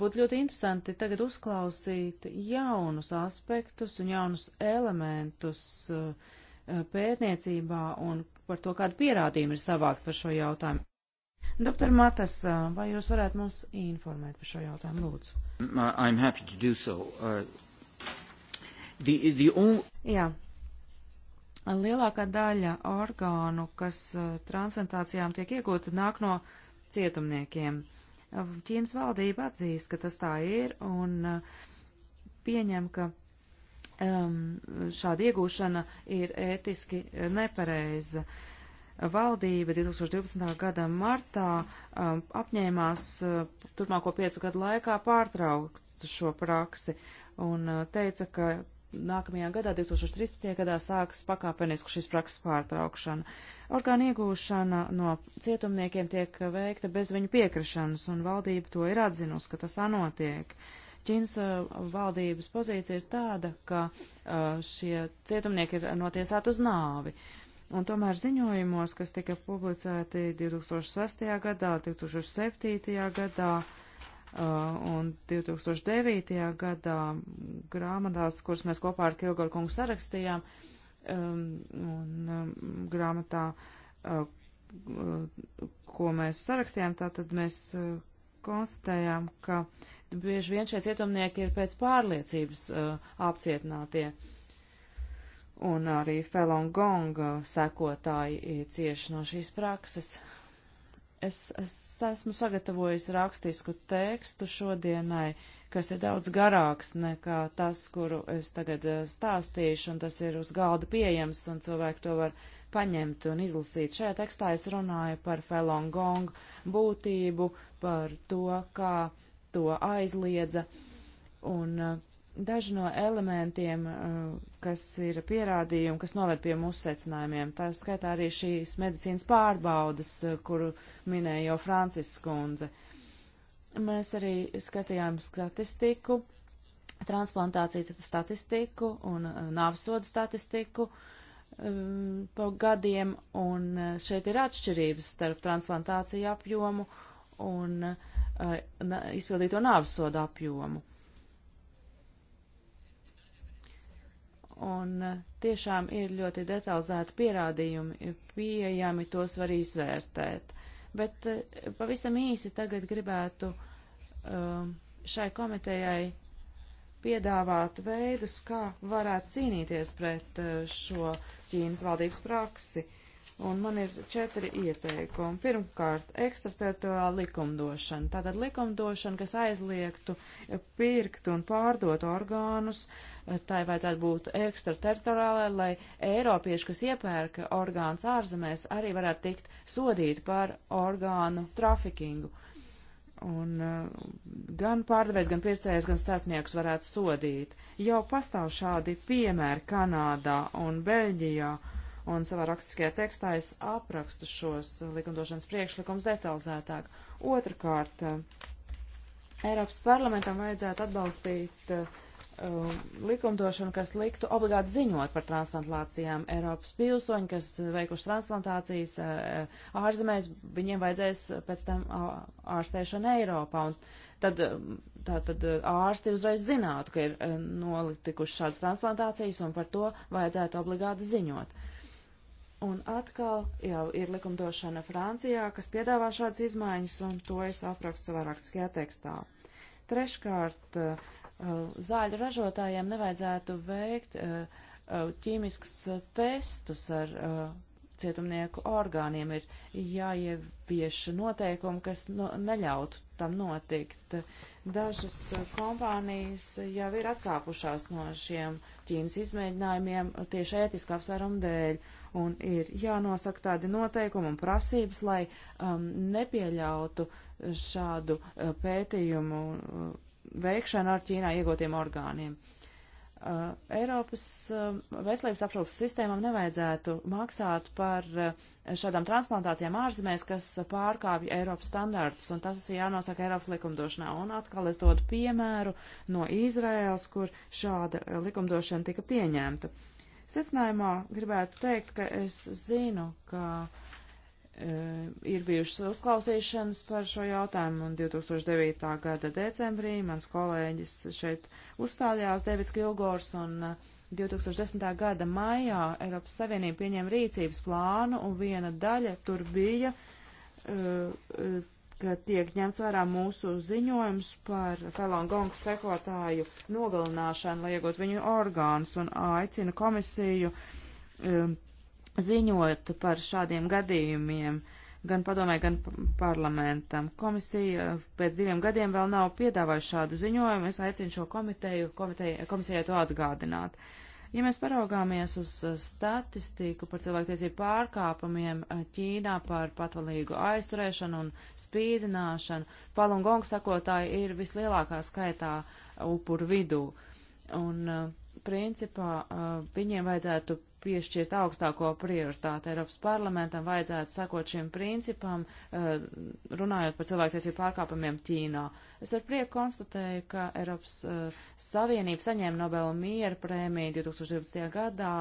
būtu ļoti interesanti tagad uzklausīt jaunus aspektus un jaunus elementus uh, pētniecībā un par to, kādu pierādījumu ir savākt par šo jautājumu. Doktor Matas, vai jūs varētu mums informēt par šo jautājumu, lūdzu? Mm, I'm happy to do so. Uh... The, the un... Jā. Lielākā daļa orgānu, kas uh, transplantācijām tiek iegūta, nāk no cietumniekiem. Uh, Ķīnas valdība atzīst, ka tas tā ir un uh, pieņem, ka um, šāda iegūšana ir ētiski nepareiza. Valdība 2012. gada martā um, apņēmās uh, turpmāko piecu gadu laikā pārtraukt šo praksi un uh, teica, ka nākamajā gadā, 2013. gadā, sāks pakāpenisku šīs prakses pārtraukšana. Orgāna iegūšana no cietumniekiem tiek veikta bez viņu piekrišanas, un valdība to ir atzinusi, ka tas tā notiek. Ķīnas uh, valdības pozīcija ir tāda, ka uh, šie cietumnieki ir notiesāti uz nāvi. Un tomēr ziņojumos, kas tika publicēti 2006. gadā, 2007. gadā, Uh, un 2009. gadā grāmatās, kuras mēs kopā ar Kilgoru kungu sarakstījām, um, un um, grāmatā, uh, ko mēs sarakstījām, tātad mēs uh, konstatējām, ka bieži vien šie cietumnieki ir pēc pārliecības uh, apcietinātie. Un arī Felongonga sekotāji cieši no šīs prakses. Es, es esmu sagatavojis rakstisku tekstu šodienai, kas ir daudz garāks nekā tas, kuru es tagad eh, stāstīšu, un tas ir uz galda pieejams, un cilvēki to var paņemt un izlasīt. Šajā tekstā es runāju par Falun Gong būtību, par to, kā to aizliedza, un uh, daži no elementiem, eh, kas ir pierādījumi, kas noved pie mūsu secinājumiem. Tā skaitā arī šīs medicīnas pārbaudas, eh, kuru minēja jau Francis Skundze. Mēs arī skatījām statistiku, transplantāciju statistiku un eh, nāvsodu statistiku um, pa gadiem, un šeit ir atšķirības starp transplantāciju apjomu un uh, izpildīto nāvsodu apjomu un e, tiešām ir ļoti detalizēti pierādījumi pieejami, tos var izvērtēt. Bet e, pavisam īsi tagad gribētu e, šai komitejai piedāvāt veidus, kā varētu cīnīties pret šo Ķīnas valdības praksi. Uh, Un man ir četri ieteikumi. Pirmkārt, ekstrateritoriāla likumdošana. Tātad likumdošana, kas aizliegtu pirkt un pārdot orgānus, tai vajadzētu būt ekstrateritoriālai, lai eiropieši, kas iepērka orgānus ārzemēs, arī varētu tikt sodīti par orgānu trafikingu. Un uh, gan pārdevējs, gan pircējs, gan starpnieks varētu sodīt. Jau pastāv šādi piemēri Kanādā un Beļģijā. Uh, un savā rakstiskajā tekstā es aprakstu šos likumdošanas priekšlikums detalizētāk. Otrakārt, eh, Eiropas parlamentam vajadzētu atbalstīt uh, likumdošanu, kas liktu obligāti ziņot par transplantācijām. Eiropas pilsoņi, kas veikuši transplantācijas uh, ārzemēs, viņiem vajadzēs pēc tam ārstēšana Eiropā. Un tad, um, tā, tad ārsti uzreiz zinātu, ka ir nolitikuši šādas transplantācijas un par to vajadzētu obligāti ziņot. Un atkal jau ir likumdošana Francijā, kas piedāvā šādas izmaiņas, un to es aprakstu savā rakstiskajā tekstā. Treškārt, eh, eh, zāļu ražotājiem nevajadzētu veikt eh, ķīmiskus testus ar cietumnieku orgāniem. Ir jāievieš noteikumi, kas no, neļautu tam notikt. Dažas kompānijas jau ir atkāpušās no šiem Ķīnas izmēģinājumiem tieši ētiska apsvērumu dēļ. Uh, un ir jānosaka tādi noteikumi un prasības, lai um, nepieļautu šādu uh, pētījumu uh, veikšanu ar Ķīnā iegūtiem orgāniem. Uh, Eiropas uh, veselības aprūpas sistēmām nevajadzētu maksāt par uh, šādām transplantācijām ārzemēs, kas pārkāpja Eiropas standārtus, un tas ir jānosaka Eiropas likumdošanā. Un atkal es dodu piemēru no Izraēlas, kur šāda uh, likumdošana tika pieņemta. Uh, Secinājumā gribētu teikt, ka es zinu, ka e, ir bijušas uzklausīšanas par šo jautājumu, un 2009. gada decembrī mans kolēģis šeit uzstājās Devits Kilgors, un 2010. E, gada maijā Eiropas Savienība pieņēma rīcības plānu, un viena daļa tur bija e, e ka tiek ņemts vērā mūsu ziņojums par Falun Gongas sekotāju nogalināšanu, lai iegūtu viņu orgānus, un aicina komisiju um, ziņot par šādiem gadījumiem gan padomē, gan parlamentam. Komisija uh, pēc diviem gadiem vēl nav piedāvājusi šādu ziņojumu. Es aicinu šo komiteju, komiteju komisijai to atgādināt. Uh, Ja mēs paraugāmies uz eh, statistiku par cilvēktiesību pārkāpumiem eh, Ķīnā par patvalīgu aizturēšanu un spīdzināšanu, Palungongu sakotāji ir vislielākā skaitā eh, upuru vidū. Un, uh, principā viņiem vajadzētu piešķirt augstāko prioritāti. Eiropas parlamentam vajadzētu sakot šiem principam, runājot par cilvēktiesību pārkāpumiem Ķīnā. Es ar prieku konstatēju, ka Eiropas Savienība saņēma Nobela miera prēmiju 2020. gadā,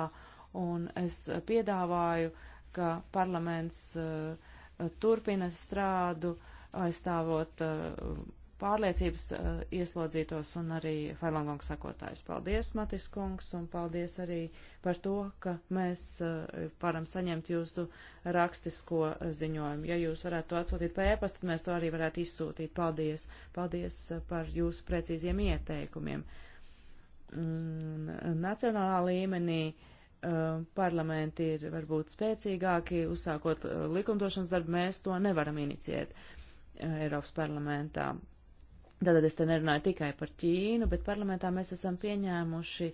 un es piedāvāju, ka parlaments turpina strādu aizstāvot pārliecības uh, ieslodzītos un arī Failangong sakotājus. Paldies, Matis kungs, un paldies arī par to, ka mēs uh, varam saņemt jūsu rakstisko uh, ziņojumu. Ja jūs varētu to atsūtīt pa ēpastu, tad mēs to arī varētu izsūtīt. Paldies, paldies uh, par jūsu precīziem ieteikumiem. Mm, nacionālā līmenī parlamenti ir varbūt spēcīgāki, uzsākot likumdošanas darbu, mēs to nevaram inicijēt Eiropas parlamentā. Tātad es te nerunāju tikai par Ķīnu, bet parlamentā mēs esam pieņēmuši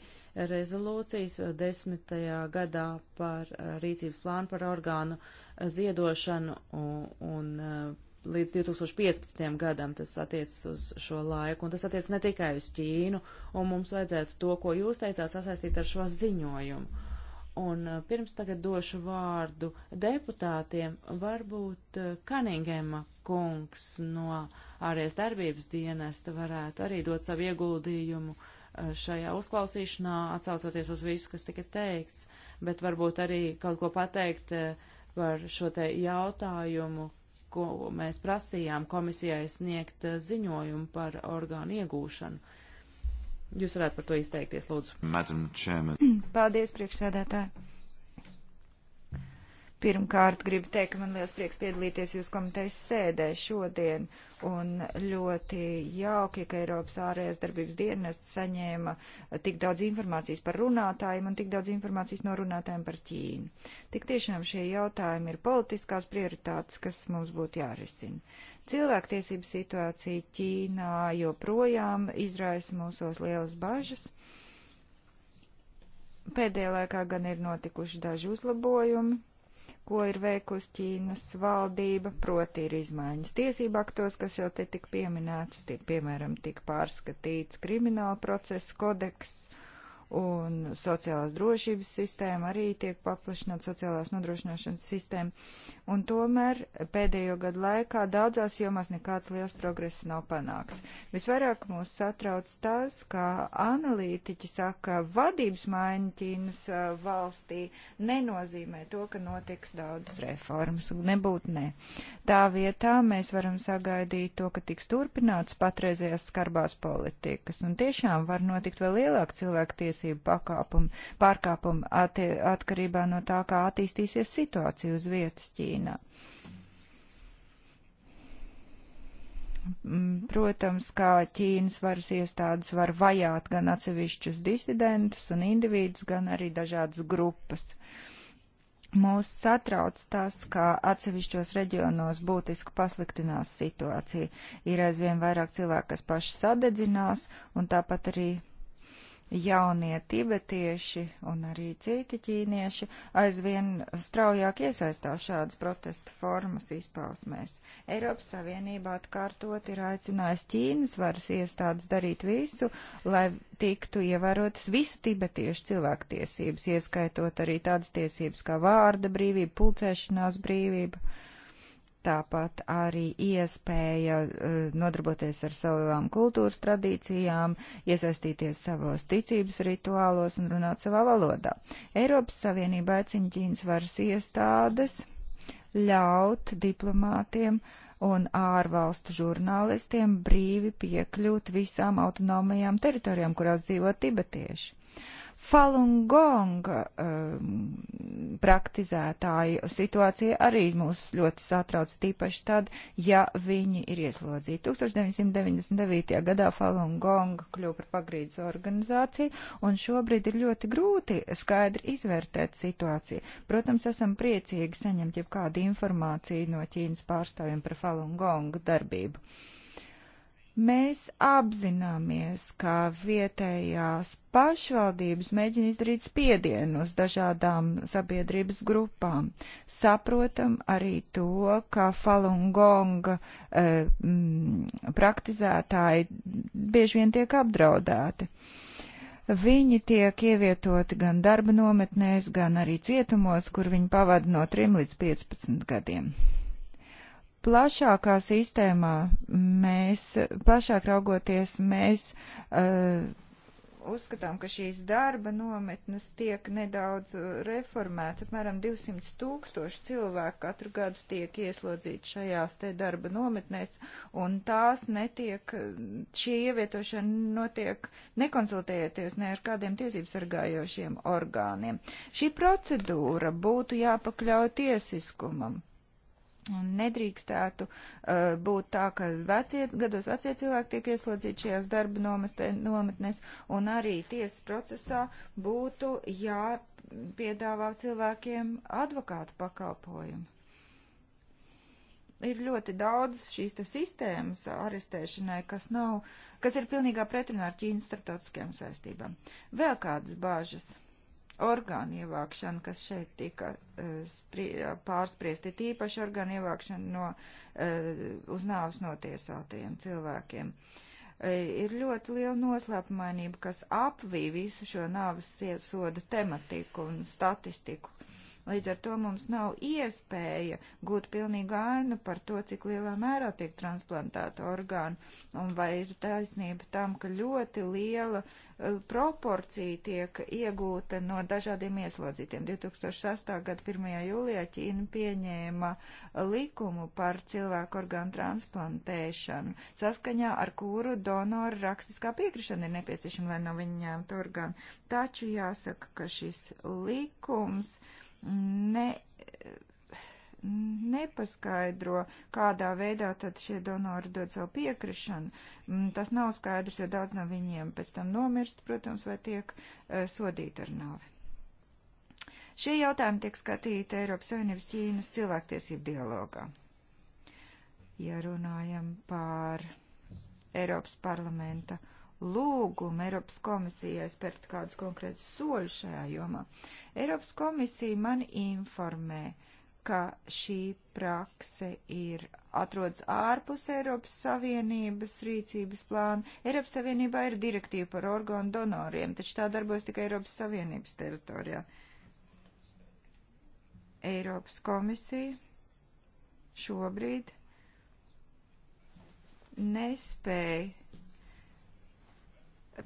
rezolūcijas eh, desmitajā gadā par eh, rīcības plānu par orgānu eh, ziedošanu un, un līdz 2015. gadam tas attiecas uz šo laiku, un tas attiecas ne tikai uz Ķīnu, un mums vajadzētu to, ko jūs teicāt, sasaistīt ar šo ziņojumu. Un eh, pirms tagad došu vārdu deputātiem, varbūt eh, Kaningema kungs no ārējas darbības dienesta varētu arī dot savu ieguldījumu eh, šajā uzklausīšanā, atsaucoties uz visu, kas tika teikts, bet varbūt arī kaut ko pateikt par šo te jautājumu, ko mēs prasījām komisijai sniegt ziņojumu par orgānu iegūšanu. Jūs varētu par to izteikties, lūdzu. Paldies, priekšsēdētāji. Pirmkārt, gribu teikt, ka man liels prieks piedalīties jūsu komitejas sēdē šodien, un ļoti jauki, ka Eiropas ārējās darbības dienests saņēma tik daudz informācijas par runātājiem un tik daudz informācijas no runātājiem par Ķīnu. Tik tiešām šie jautājumi ir politiskās prioritātes, kas mums būtu jārisina. Cilvēktiesību situācija Ķīnā joprojām izraisa mūsos lielas bažas. Pēdējā laikā gan ir notikuši daži uzlabojumi ko ir veikusi Ķīnas valdība, proti ir izmaiņas tiesību aktos, kas jau te tik pieminēts, tie, piemēram, tika pārskatīts krimināla procesa kodeks un sociālās drošības sistēma arī tiek paplašināta, sociālās nodrošināšanas sistēma un tomēr pēdējo gadu laikā daudzās jomās nekāds liels progress nav panākts. Visvairāk mūs satrauc tas, ka analītiķi saka, ka vadības maiņa Ķīnas valstī nenozīmē to, ka notiks daudzas reformas, un nebūt ne. Tā vietā mēs varam sagaidīt to, ka tiks turpināts patreizējās skarbās politikas, un tiešām var notikt vēl lielāk cilvēku tiesību pakāpumu, pārkāpumu atkarībā no tā, kā attīstīsies situācija uz vietas Ķīnā. Palestīnā. Mm, protams, kā Ķīnas varas iestādes var vajāt gan atsevišķus disidentus un individus, gan arī dažādas grupas. Mūs satrauc tas, ka atsevišķos reģionos būtiski pasliktinās situācija. Ir aizvien vairāk cilvēku, kas paši sadedzinās, un tāpat arī jaunie tibetieši un arī citi ķīnieši aizvien straujāk iesaistās šādas protesta formas izpausmēs. Eiropas Savienība atkārtot ir aicinājusi Ķīnas varas iestādes darīt visu, lai tiktu ievērotas visu tibetiešu cilvēktiesības, ieskaitot arī tādas tiesības kā vārda brīvība, pulcēšanās brīvība tāpat arī iespēja e, nodarboties ar savām kultūras tradīcijām, iesaistīties savos ticības rituālos un runāt savā valodā. Eiropas Savienība aicina Ķīnas varas iestādes ļaut diplomātiem un ārvalstu žurnālistiem brīvi piekļūt visām autonomajām teritorijām, kurās dzīvo tibetieši. Falun Gong um, praktizētāju situācija arī mūs ļoti satrauc, tīpaši tad, ja viņi ir ieslodzīti. 1999. gadā Falun Gong kļuva par pagrīdes organizāciju, un šobrīd ir ļoti grūti skaidri izvērtēt situāciju. Protams, esam priecīgi saņemt jau kādu informāciju no Ķīnas pārstāvjiem par Falun Gong darbību. Uh, Mēs apzināmies, ka vietējās pašvaldības mēģina izdarīt spiedienu uz dažādām sabiedrības grupām. Saprotam arī to, ka Falungonga eh, mm, praktizētāji bieži vien tiek apdraudēti. Viņi tiek ievietoti gan darba nometnēs, gan arī cietumos, kur viņi pavada no 3 līdz 15 gadiem plašākā sistēmā mēs, plašāk raugoties, mēs uh, uzskatām, ka šīs darba nometnes tiek nedaudz uh, reformētas. Apmēram 200 tūkstoši cilvēku katru gadu tiek ieslodzīti šajās te darba nometnēs, un tās netiek, šī ievietošana notiek nekonsultējoties ne ar kādiem tiesības sargājošiem orgāniem. Šī procedūra būtu jāpakļauj tiesiskumam Un nedrīkstētu uh, būt tā, ka vecie, gados vecie cilvēki tiek ieslodzīti šajās darba nomestē, nometnēs, un arī tiesas procesā būtu jāpiedāvā cilvēkiem advokātu pakalpojumu. Ir ļoti daudz šīs sistēmas arestēšanai, kas, nav, kas ir pilnīgā pretrunā ar Ķīnas starptautiskajām saistībām. Vēl kādas bāžas orgānu ievākšanu, kas šeit tika eh, pārspriesti, tīpaši orgānu ievākšanu no eh, uz nāvas notiesātajiem cilvēkiem. Eh, ir ļoti liela noslēpumainība, kas apvī visu šo nāvas soda tematiku un statistiku Līdz ar to mums nav iespēja gūt pilnīgu ainu par to, cik lielā mērā tiek transplantāta orgāna, un vai ir taisnība tam, ka ļoti liela eh, proporcija tiek iegūta no dažādiem ieslodzītiem. 2008. gada 1. jūlijā Ķīna pieņēma eh, likumu par cilvēku orgānu transplantēšanu, saskaņā ar kuru donoru rakstiskā piekrišana ir nepieciešama, lai no viņa ņemtu orgānu. Taču jāsaka, ka šis likums ne, nepaskaidro, kādā veidā tad šie donori dod savu piekrišanu. Mm, tas nav skaidrs, jo daudz no viņiem pēc tam nomirst, protams, vai tiek eh, sodīti ar nāvi. Šie jautājumi tiek skatīti Eiropas Savienības Ķīnas cilvēktiesību dialogā. Ja runājam par Eiropas parlamenta uh, lūgumu Eiropas komisijai spērt kādus konkrētus soļus šajā jomā. Eiropas komisija man informē, ka šī prakse ir atrodas ārpus Eiropas Savienības rīcības plāna. Eiropas Savienībā ir direktīva par organu donoriem, taču tā darbojas tikai Eiropas Savienības teritorijā. Eiropas komisija šobrīd nespēja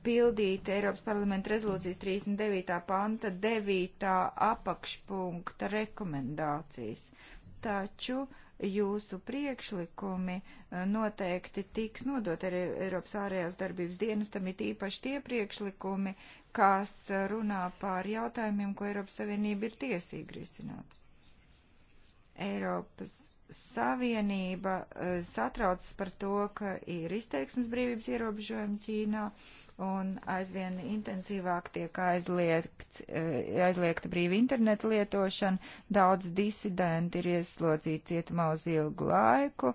pildīt Eiropas parlamenta rezolūcijas 39. panta 9. apakšpunkta rekomendācijas. Taču jūsu priekšlikumi eh, noteikti tiks nodot arī Eiropas ārējās darbības dienestam, it īpaši tie priekšlikumi, kas eh, runā pār jautājumiem, ko Eiropas Savienība ir tiesīga risināt. Eiropas Savienība eh, satraucas par to, ka ir izteiksmes brīvības ierobežojumi Ķīnā. Uh, un aizvien intensīvāk tiek aizliegt, eh, aizliegta brīva interneta lietošana. Daudz disidenti ir ieslodzīti cietumā uz ilgu laiku,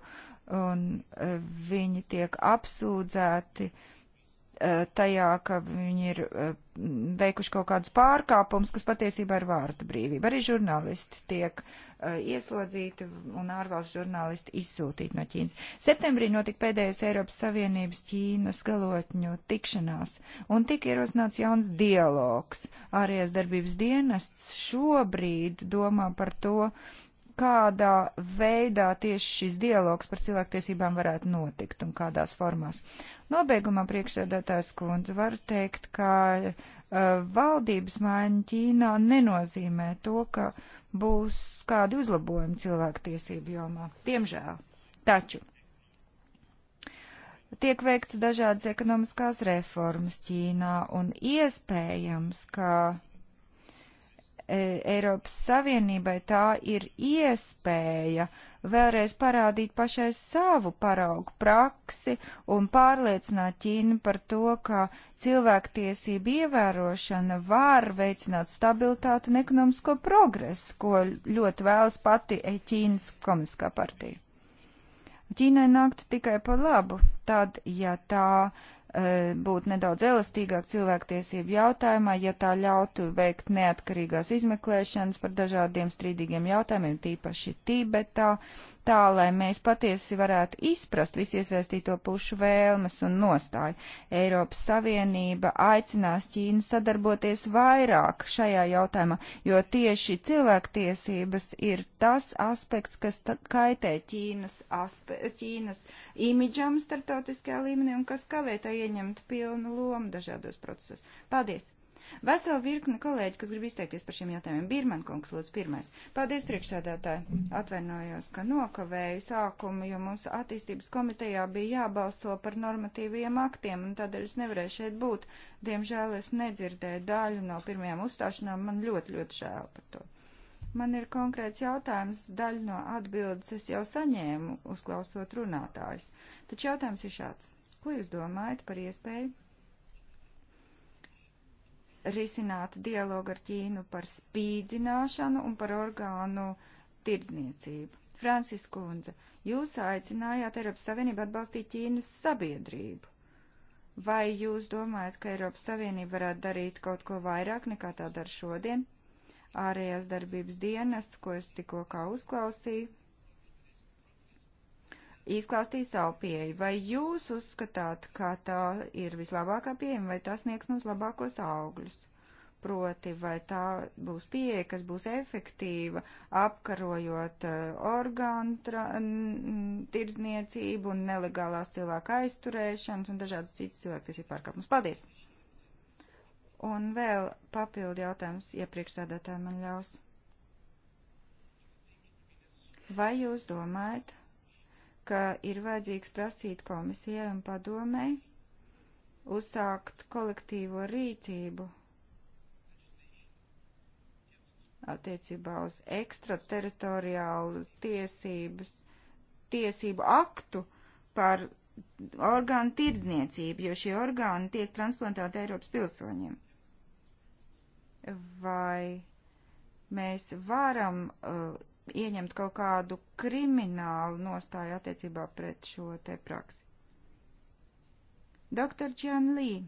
un eh, viņi tiek apsūdzēti uh, Eh, tajā, ka viņi ir eh, veikuši kaut kādus pārkāpumus, kas patiesībā ir vārda brīvība. Arī žurnālisti tiek eh, ieslodzīti un ārvalstu žurnālisti izsūtīti no Ķīnas. Septembrī notika pēdējais Eiropas Savienības Ķīnas galotņu tikšanās un tika ierosināts jauns dialogs. Ārējās darbības dienests šobrīd domā par to, uh, kādā veidā tieši šis dialogs par cilvēktiesībām varētu notikt un kādās formās. Nobeigumā priekšsēdētājs kundze var teikt, ka uh, valdības maiņa Ķīnā nenozīmē to, ka būs kādi uzlabojumi cilvēktiesību jomā. Diemžēl. Taču tiek veikts dažādas ekonomiskās reformas Ķīnā un iespējams, ka E, Eiropas Savienībai tā ir iespēja vēlreiz parādīt pašai savu paraugu praksi un pārliecināt Ķīnu par to, ka cilvēktiesība ievērošana var veicināt stabilitātu un ekonomisko progresu, ko ļoti vēlas pati e, Ķīnas komiskā partija. Ķīnai nāktu tikai par labu, tad, ja tā E, būt nedaudz elastīgāk cilvēktiesību jautājumā, ja tā ļautu veikt neatkarīgās izmeklēšanas par dažādiem strīdīgiem jautājumiem, tīpaši Tībetā, tā, lai mēs patiesi varētu izprast visu iesaistīto pušu vēlmes un nostāju. Eiropas Savienība aicinās Ķīnu sadarboties vairāk šajā jautājumā, jo tieši cilvēktiesības ir tas aspekts, kas kaitē Ķīnas, aspe, Ķīnas imidžam starptautiskajā līmenī un kas kavē tā ieņemt pilnu lomu dažādos procesos. Paldies! Vesela virkne kolēģi, kas grib izteikties par šiem jautājumiem. Birman kungs, lūdzu, pirmais. Paldies, priekšsēdētāji. Atvainojos, ka nokavēju sākumu, jo mūsu attīstības komitejā bija jābalso par normatīviem aktiem, un tādēļ es nevarēju šeit būt. Diemžēl es nedzirdēju daļu no pirmajām uzstāšanām. Man ļoti, ļoti žēl par to. Man ir konkrēts jautājums, daļu no atbildes es jau saņēmu, uzklausot runātājus. Taču jautājums ir šāds. Ko jūs domājat par iespēju risināt dialogu ar Ķīnu par spīdzināšanu un par orgānu tirdzniecību. Francis Kundze, jūs aicinājāt Eiropas Savienību atbalstīt Ķīnas sabiedrību. Vai jūs domājat, ka Eiropas Savienība varētu darīt kaut ko vairāk nekā tā dara šodien? Ārējās darbības dienests, ko es tikko uzklausīju, izklāstīja savu pieeju. Vai jūs uzskatāt, ka tā ir vislabākā pieeja, vai tas sniegs mums labākos augļus? Proti, vai tā būs pieeja, kas būs efektīva, apkarojot uh, orgānu tra, n, tirdzniecību un nelegālās cilvēku aizturēšanas un dažādas citas cilvēktiesību pārkāpumus. Paldies! Un vēl papildi jautājums, ja priekšstādātāji man ļaus. Vai jūs domājat, ka ir vajadzīgs prasīt komisijai un padomēji uzsākt kolektīvo rīcību attiecībā uz ekstrateritoriālu tiesības, tiesību aktu par orgānu tirdzniecību, jo šie orgāni tiek transplantāti Eiropas pilsoņiem. Vai mēs varam uh, ieņemt kaut kādu kriminālu nostāju attiecībā pret šo te praksi. Dr. Jan Lee,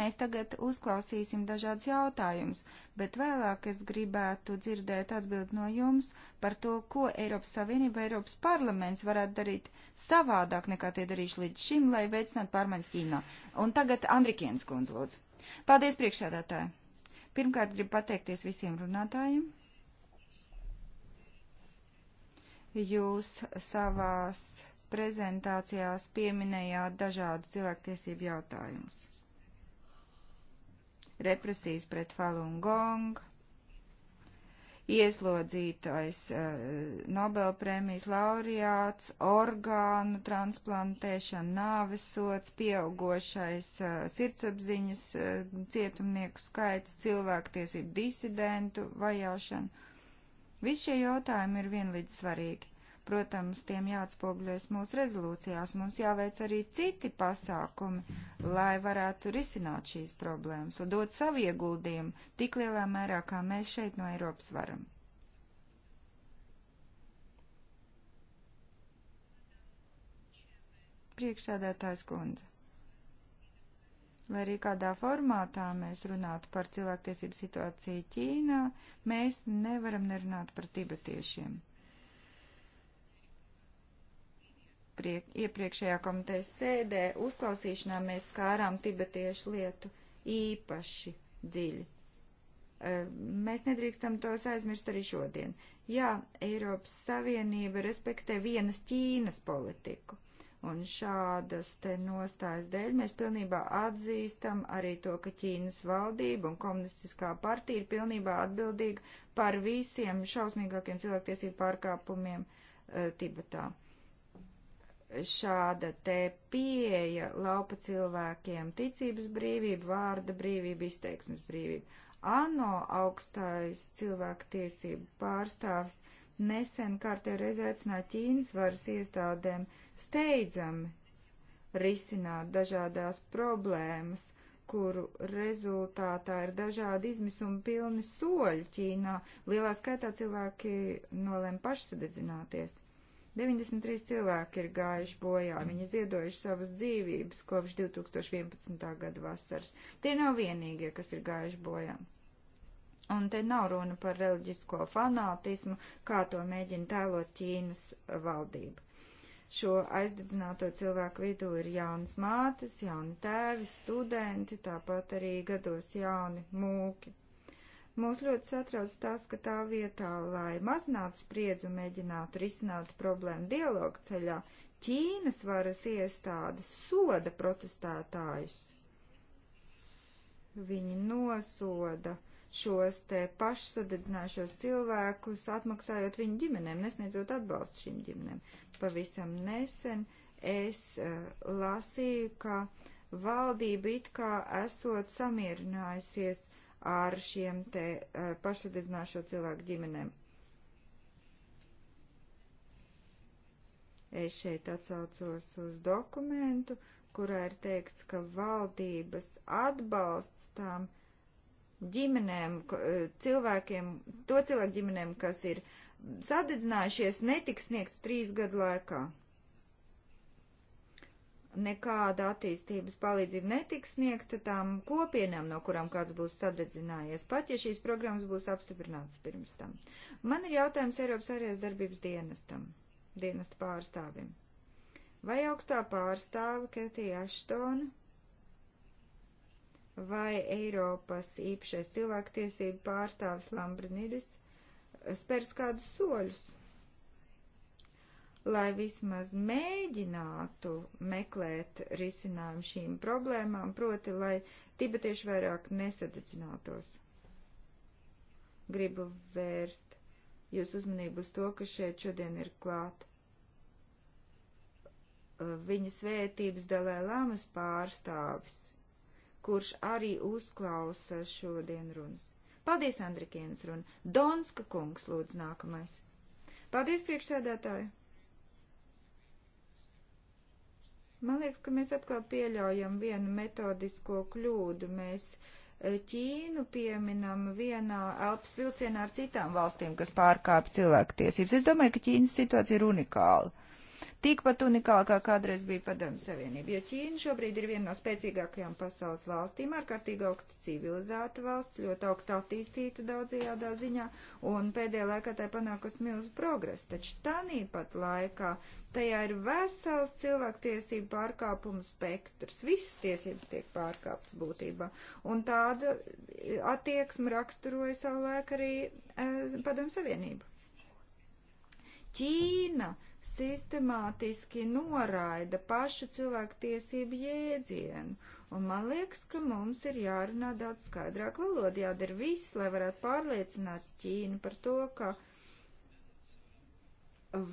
mēs tagad uzklausīsim dažādus jautājumus, bet vēlāk es gribētu dzirdēt atbild no jums par to, ko Eiropas Savienība, Eiropas parlaments varētu darīt savādāk nekā tie darījuši līdz šim, lai veicinātu pārmaiņas Ķīnā. Un tagad Andrikienas kundze lūdzu. Paldies priekšsēdētāji! Pirmkārt, gribu pateikties visiem runātājiem Jūs savās prezentācijās pieminējāt dažādu cilvēktiesību jautājumus. Represijas pret Falun Gong, ieslodzītais uh, eh, Nobelpremijas laureāts, orgānu transplantēšana, nāves sots, pieaugošais uh, sirdsapziņas uh, cietumnieku skaits, cilvēktiesību disidentu vajāšana Visi šie jautājumi ir vienlīdz svarīgi. Protams, tiem jāatspogļojas mūsu rezolūcijās. Mums jāveic arī citi pasākumi, lai varētu risināt šīs problēmas un dot savu ieguldījumu tik lielā mērā, kā mēs šeit no Eiropas varam. Priekšsēdētājs kundze lai arī kādā formātā mēs runātu par cilvēktiesību situāciju Ķīnā, mēs nevaram nerunāt par tibetiešiem. Priek, iepriekšējā komitejas sēdē uzklausīšanā mēs skārām tibetiešu lietu īpaši dziļi. E, mēs nedrīkstam tos aizmirst arī šodien. Jā, Eiropas Savienība respektē vienas Ķīnas politiku Un šādas te nostājas dēļ mēs pilnībā atzīstam arī to, ka Ķīnas valdība un komunistiskā partija ir pilnībā atbildīga par visiem šausmīgākiem cilvēktiesību pārkāpumiem uh, Tibetā. Šāda te pieeja laupa cilvēkiem ticības brīvību, vārda brīvību, izteiksmes brīvību. ANO augstais cilvēktiesību pārstāvs uh, nesen kārtē reiz aicināja Ķīnas varas iestādēm steidzami risināt dažādās problēmas, kuru rezultātā ir dažādi izmisumi pilni soļi Ķīnā. Lielā skaitā cilvēki nolēma pašsadedzināties. 93 cilvēki ir gājuši bojā, viņi ziedojuši savas dzīvības kopš 2011. gada vasaras. Tie nav vienīgie, kas ir gājuši bojā. Un te nav runa par reliģisko fanātismu, kā to mēģina tēlot Ķīnas valdība. Šo aizdedzināto cilvēku vidū ir jaunas mātes, jauni tēvi, studenti, tāpat arī gados jauni mūki. Mūs ļoti satrauc tas, ka tā vietā, lai mazinātu spriedzi un mēģinātu risināt problēmu dialogu ceļā, Ķīnas varas iestādes soda protestētājus. Viņi nosoda šos te pašsadedzinājušos cilvēkus, atmaksājot viņu ģimenēm, nesniedzot atbalstu šīm ģimenēm. Pavisam nesen es uh, lasīju, ka valdība it kā esot samierinājusies ar šiem te uh, pašsadedzinājušo cilvēku ģimenēm. Es šeit atsaucos uz dokumentu, kurā ir teikts, ka valdības atbalsts tām ģimenēm, e, cilvēkiem, to cilvēku ģimenēm, kas ir sadedzinājušies, netiks sniegts trīs gadu laikā. Nekāda attīstības palīdzība netiks sniegta tām kopienām, no kurām kāds būs sadedzinājies, pat ja šīs programmas būs apstiprinātas pirms tam. Man ir jautājums Eiropas ārējās darbības dienestam, dienesta pārstāvim. Vai augstā pārstāve Ketija Aštona vai Eiropas īpašais cilvēktiesību pārstāvis Lambrinidis spērs kādus soļus, lai vismaz mēģinātu meklēt risinājumu šīm problēmām, proti, lai tibetieši vairāk nesadedzinātos. Gribu vērst jūs uzmanību uz to, kas šeit šodien ir klāt. Uh, viņa svētības dalē lāmas pārstāvis kurš arī uzklausa šodien runas. Paldies, Andrikienas runa. Donska kungs, lūdzu, nākamais. Paldies, priekšsēdētāji. Man liekas, ka mēs atkal pieļaujam vienu metodisko kļūdu. Mēs eh, Ķīnu pieminam vienā elpas vilcienā ar citām valstīm, kas pārkāp cilvēku tiesības. Es domāju, ka Ķīnas situācija ir unikāla tikpat unikāla, kā kādreiz bija Padomu Savienība, jo Ķīna šobrīd ir viena no spēcīgākajām pasaules valstīm, ārkārtīgi augsti civilizēta valsts, ļoti augsti attīstīta daudzajādā ziņā, un pēdējā laikā tā ir panākusi milzu progresu, taču tanī pat laikā tajā ir vesels cilvēktiesību pārkāpumu spektrs, visas tiesības tiek pārkāptas būtībā, un tāda attieksme raksturoja savu laiku arī eh, Padomu Savienību. Ķīna sistemātiski noraida pašu cilvēku tiesību jēdzienu. Un man liekas, ka mums ir jārunā daudz skaidrāk valodā, jādara viss, lai varētu pārliecināt Ķīnu par to, ka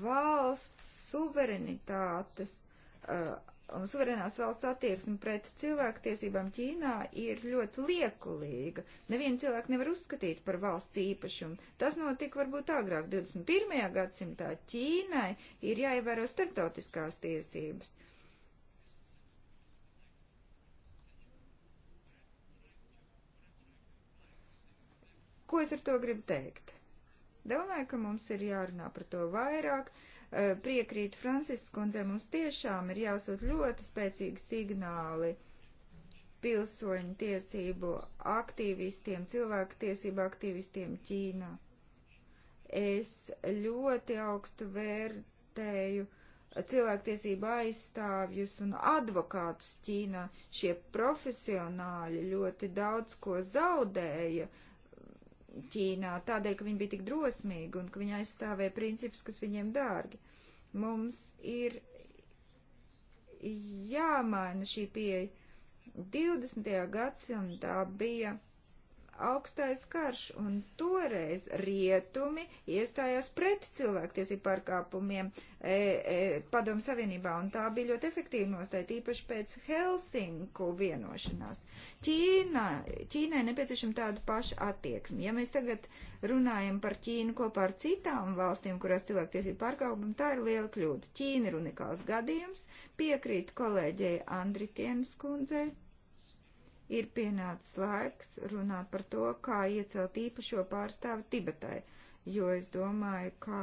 valsts suverenitātes uh, suverēnās valsts attieksme pret cilvēktiesībām Ķīnā ir ļoti liekulīga. Nevienu cilvēku nevar uzskatīt par valsts īpašumu. Tas notika varbūt agrāk, 21. gadsimtā Ķīnai ir jāievēro starptautiskās tiesības. Ko es ar to gribu teikt? Domāju, ka mums ir jārunā par to vairāk. Uh, Eh, piekrīt Francisks kundze, mums tiešām ir jāsūt ļoti spēcīgi signāli pilsoņu tiesību aktīvistiem, cilvēku tiesību aktīvistiem Ķīnā. Es ļoti augstu vērtēju cilvēktiesību aizstāvjus un advokātus Ķīnā. Šie profesionāļi ļoti daudz ko zaudēja Ķīnā, tādēļ, ka viņi bija tik drosmīgi un ka viņi aizstāvēja principus, kas viņiem dārgi. Mums ir jāmaina šī pieeja. 20. gadsimtā bija augstais karš, un toreiz rietumi iestājās pret cilvēktiesību pārkāpumiem e, e, padomu savienībā, un tā bija ļoti efektīva nostāja, tīpaši pēc Helsinku vienošanās. Ķīna, Ķīnai nepieciešama tāda paša attieksme. Ja mēs tagad runājam par Ķīnu kopā ar citām valstīm, kurās cilvēktiesību pārkāpumi, tā ir liela kļūda. Ķīna ir unikāls gadījums, piekrīt kolēģei Andrikienas kundzei ir pienācis laiks runāt par to, kā iecelt īpašo pārstāvi Tibetai, jo es domāju, ka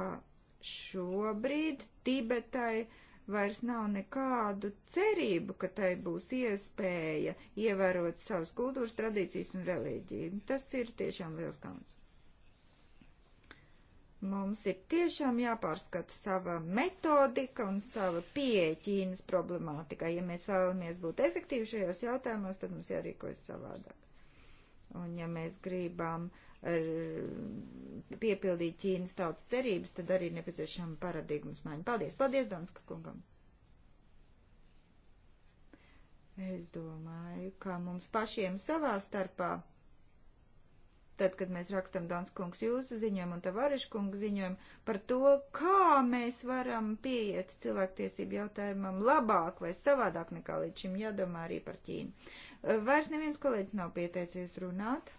šobrīd Tibetai vairs nav nekādu cerību, ka tai būs iespēja ievērot savas kultūras tradīcijas un reliģiju. Tas ir tiešām liels kauns. Mums ir tiešām jāpārskata sava metodika un sava pieeja Ķīnas problemātikai. Ja mēs vēlamies būt efektīvi šajos jautājumos, tad mums jārīkojas savādāk. Un ja mēs gribam ar, er, piepildīt Ķīnas tautas cerības, tad arī nepieciešama paradigmas maiņa. Paldies! Paldies, Donska kungam! Es domāju, ka mums pašiem savā starpā tad, kad mēs rakstam Dons kungs jūsu ziņojumu un Tavarišu kungu ziņojumu par to, kā mēs varam pieiet cilvēktiesību jautājumam labāk vai savādāk nekā līdz šim jādomā arī par Ķīnu. Vairs neviens kolēģis nav pieteicies runāt.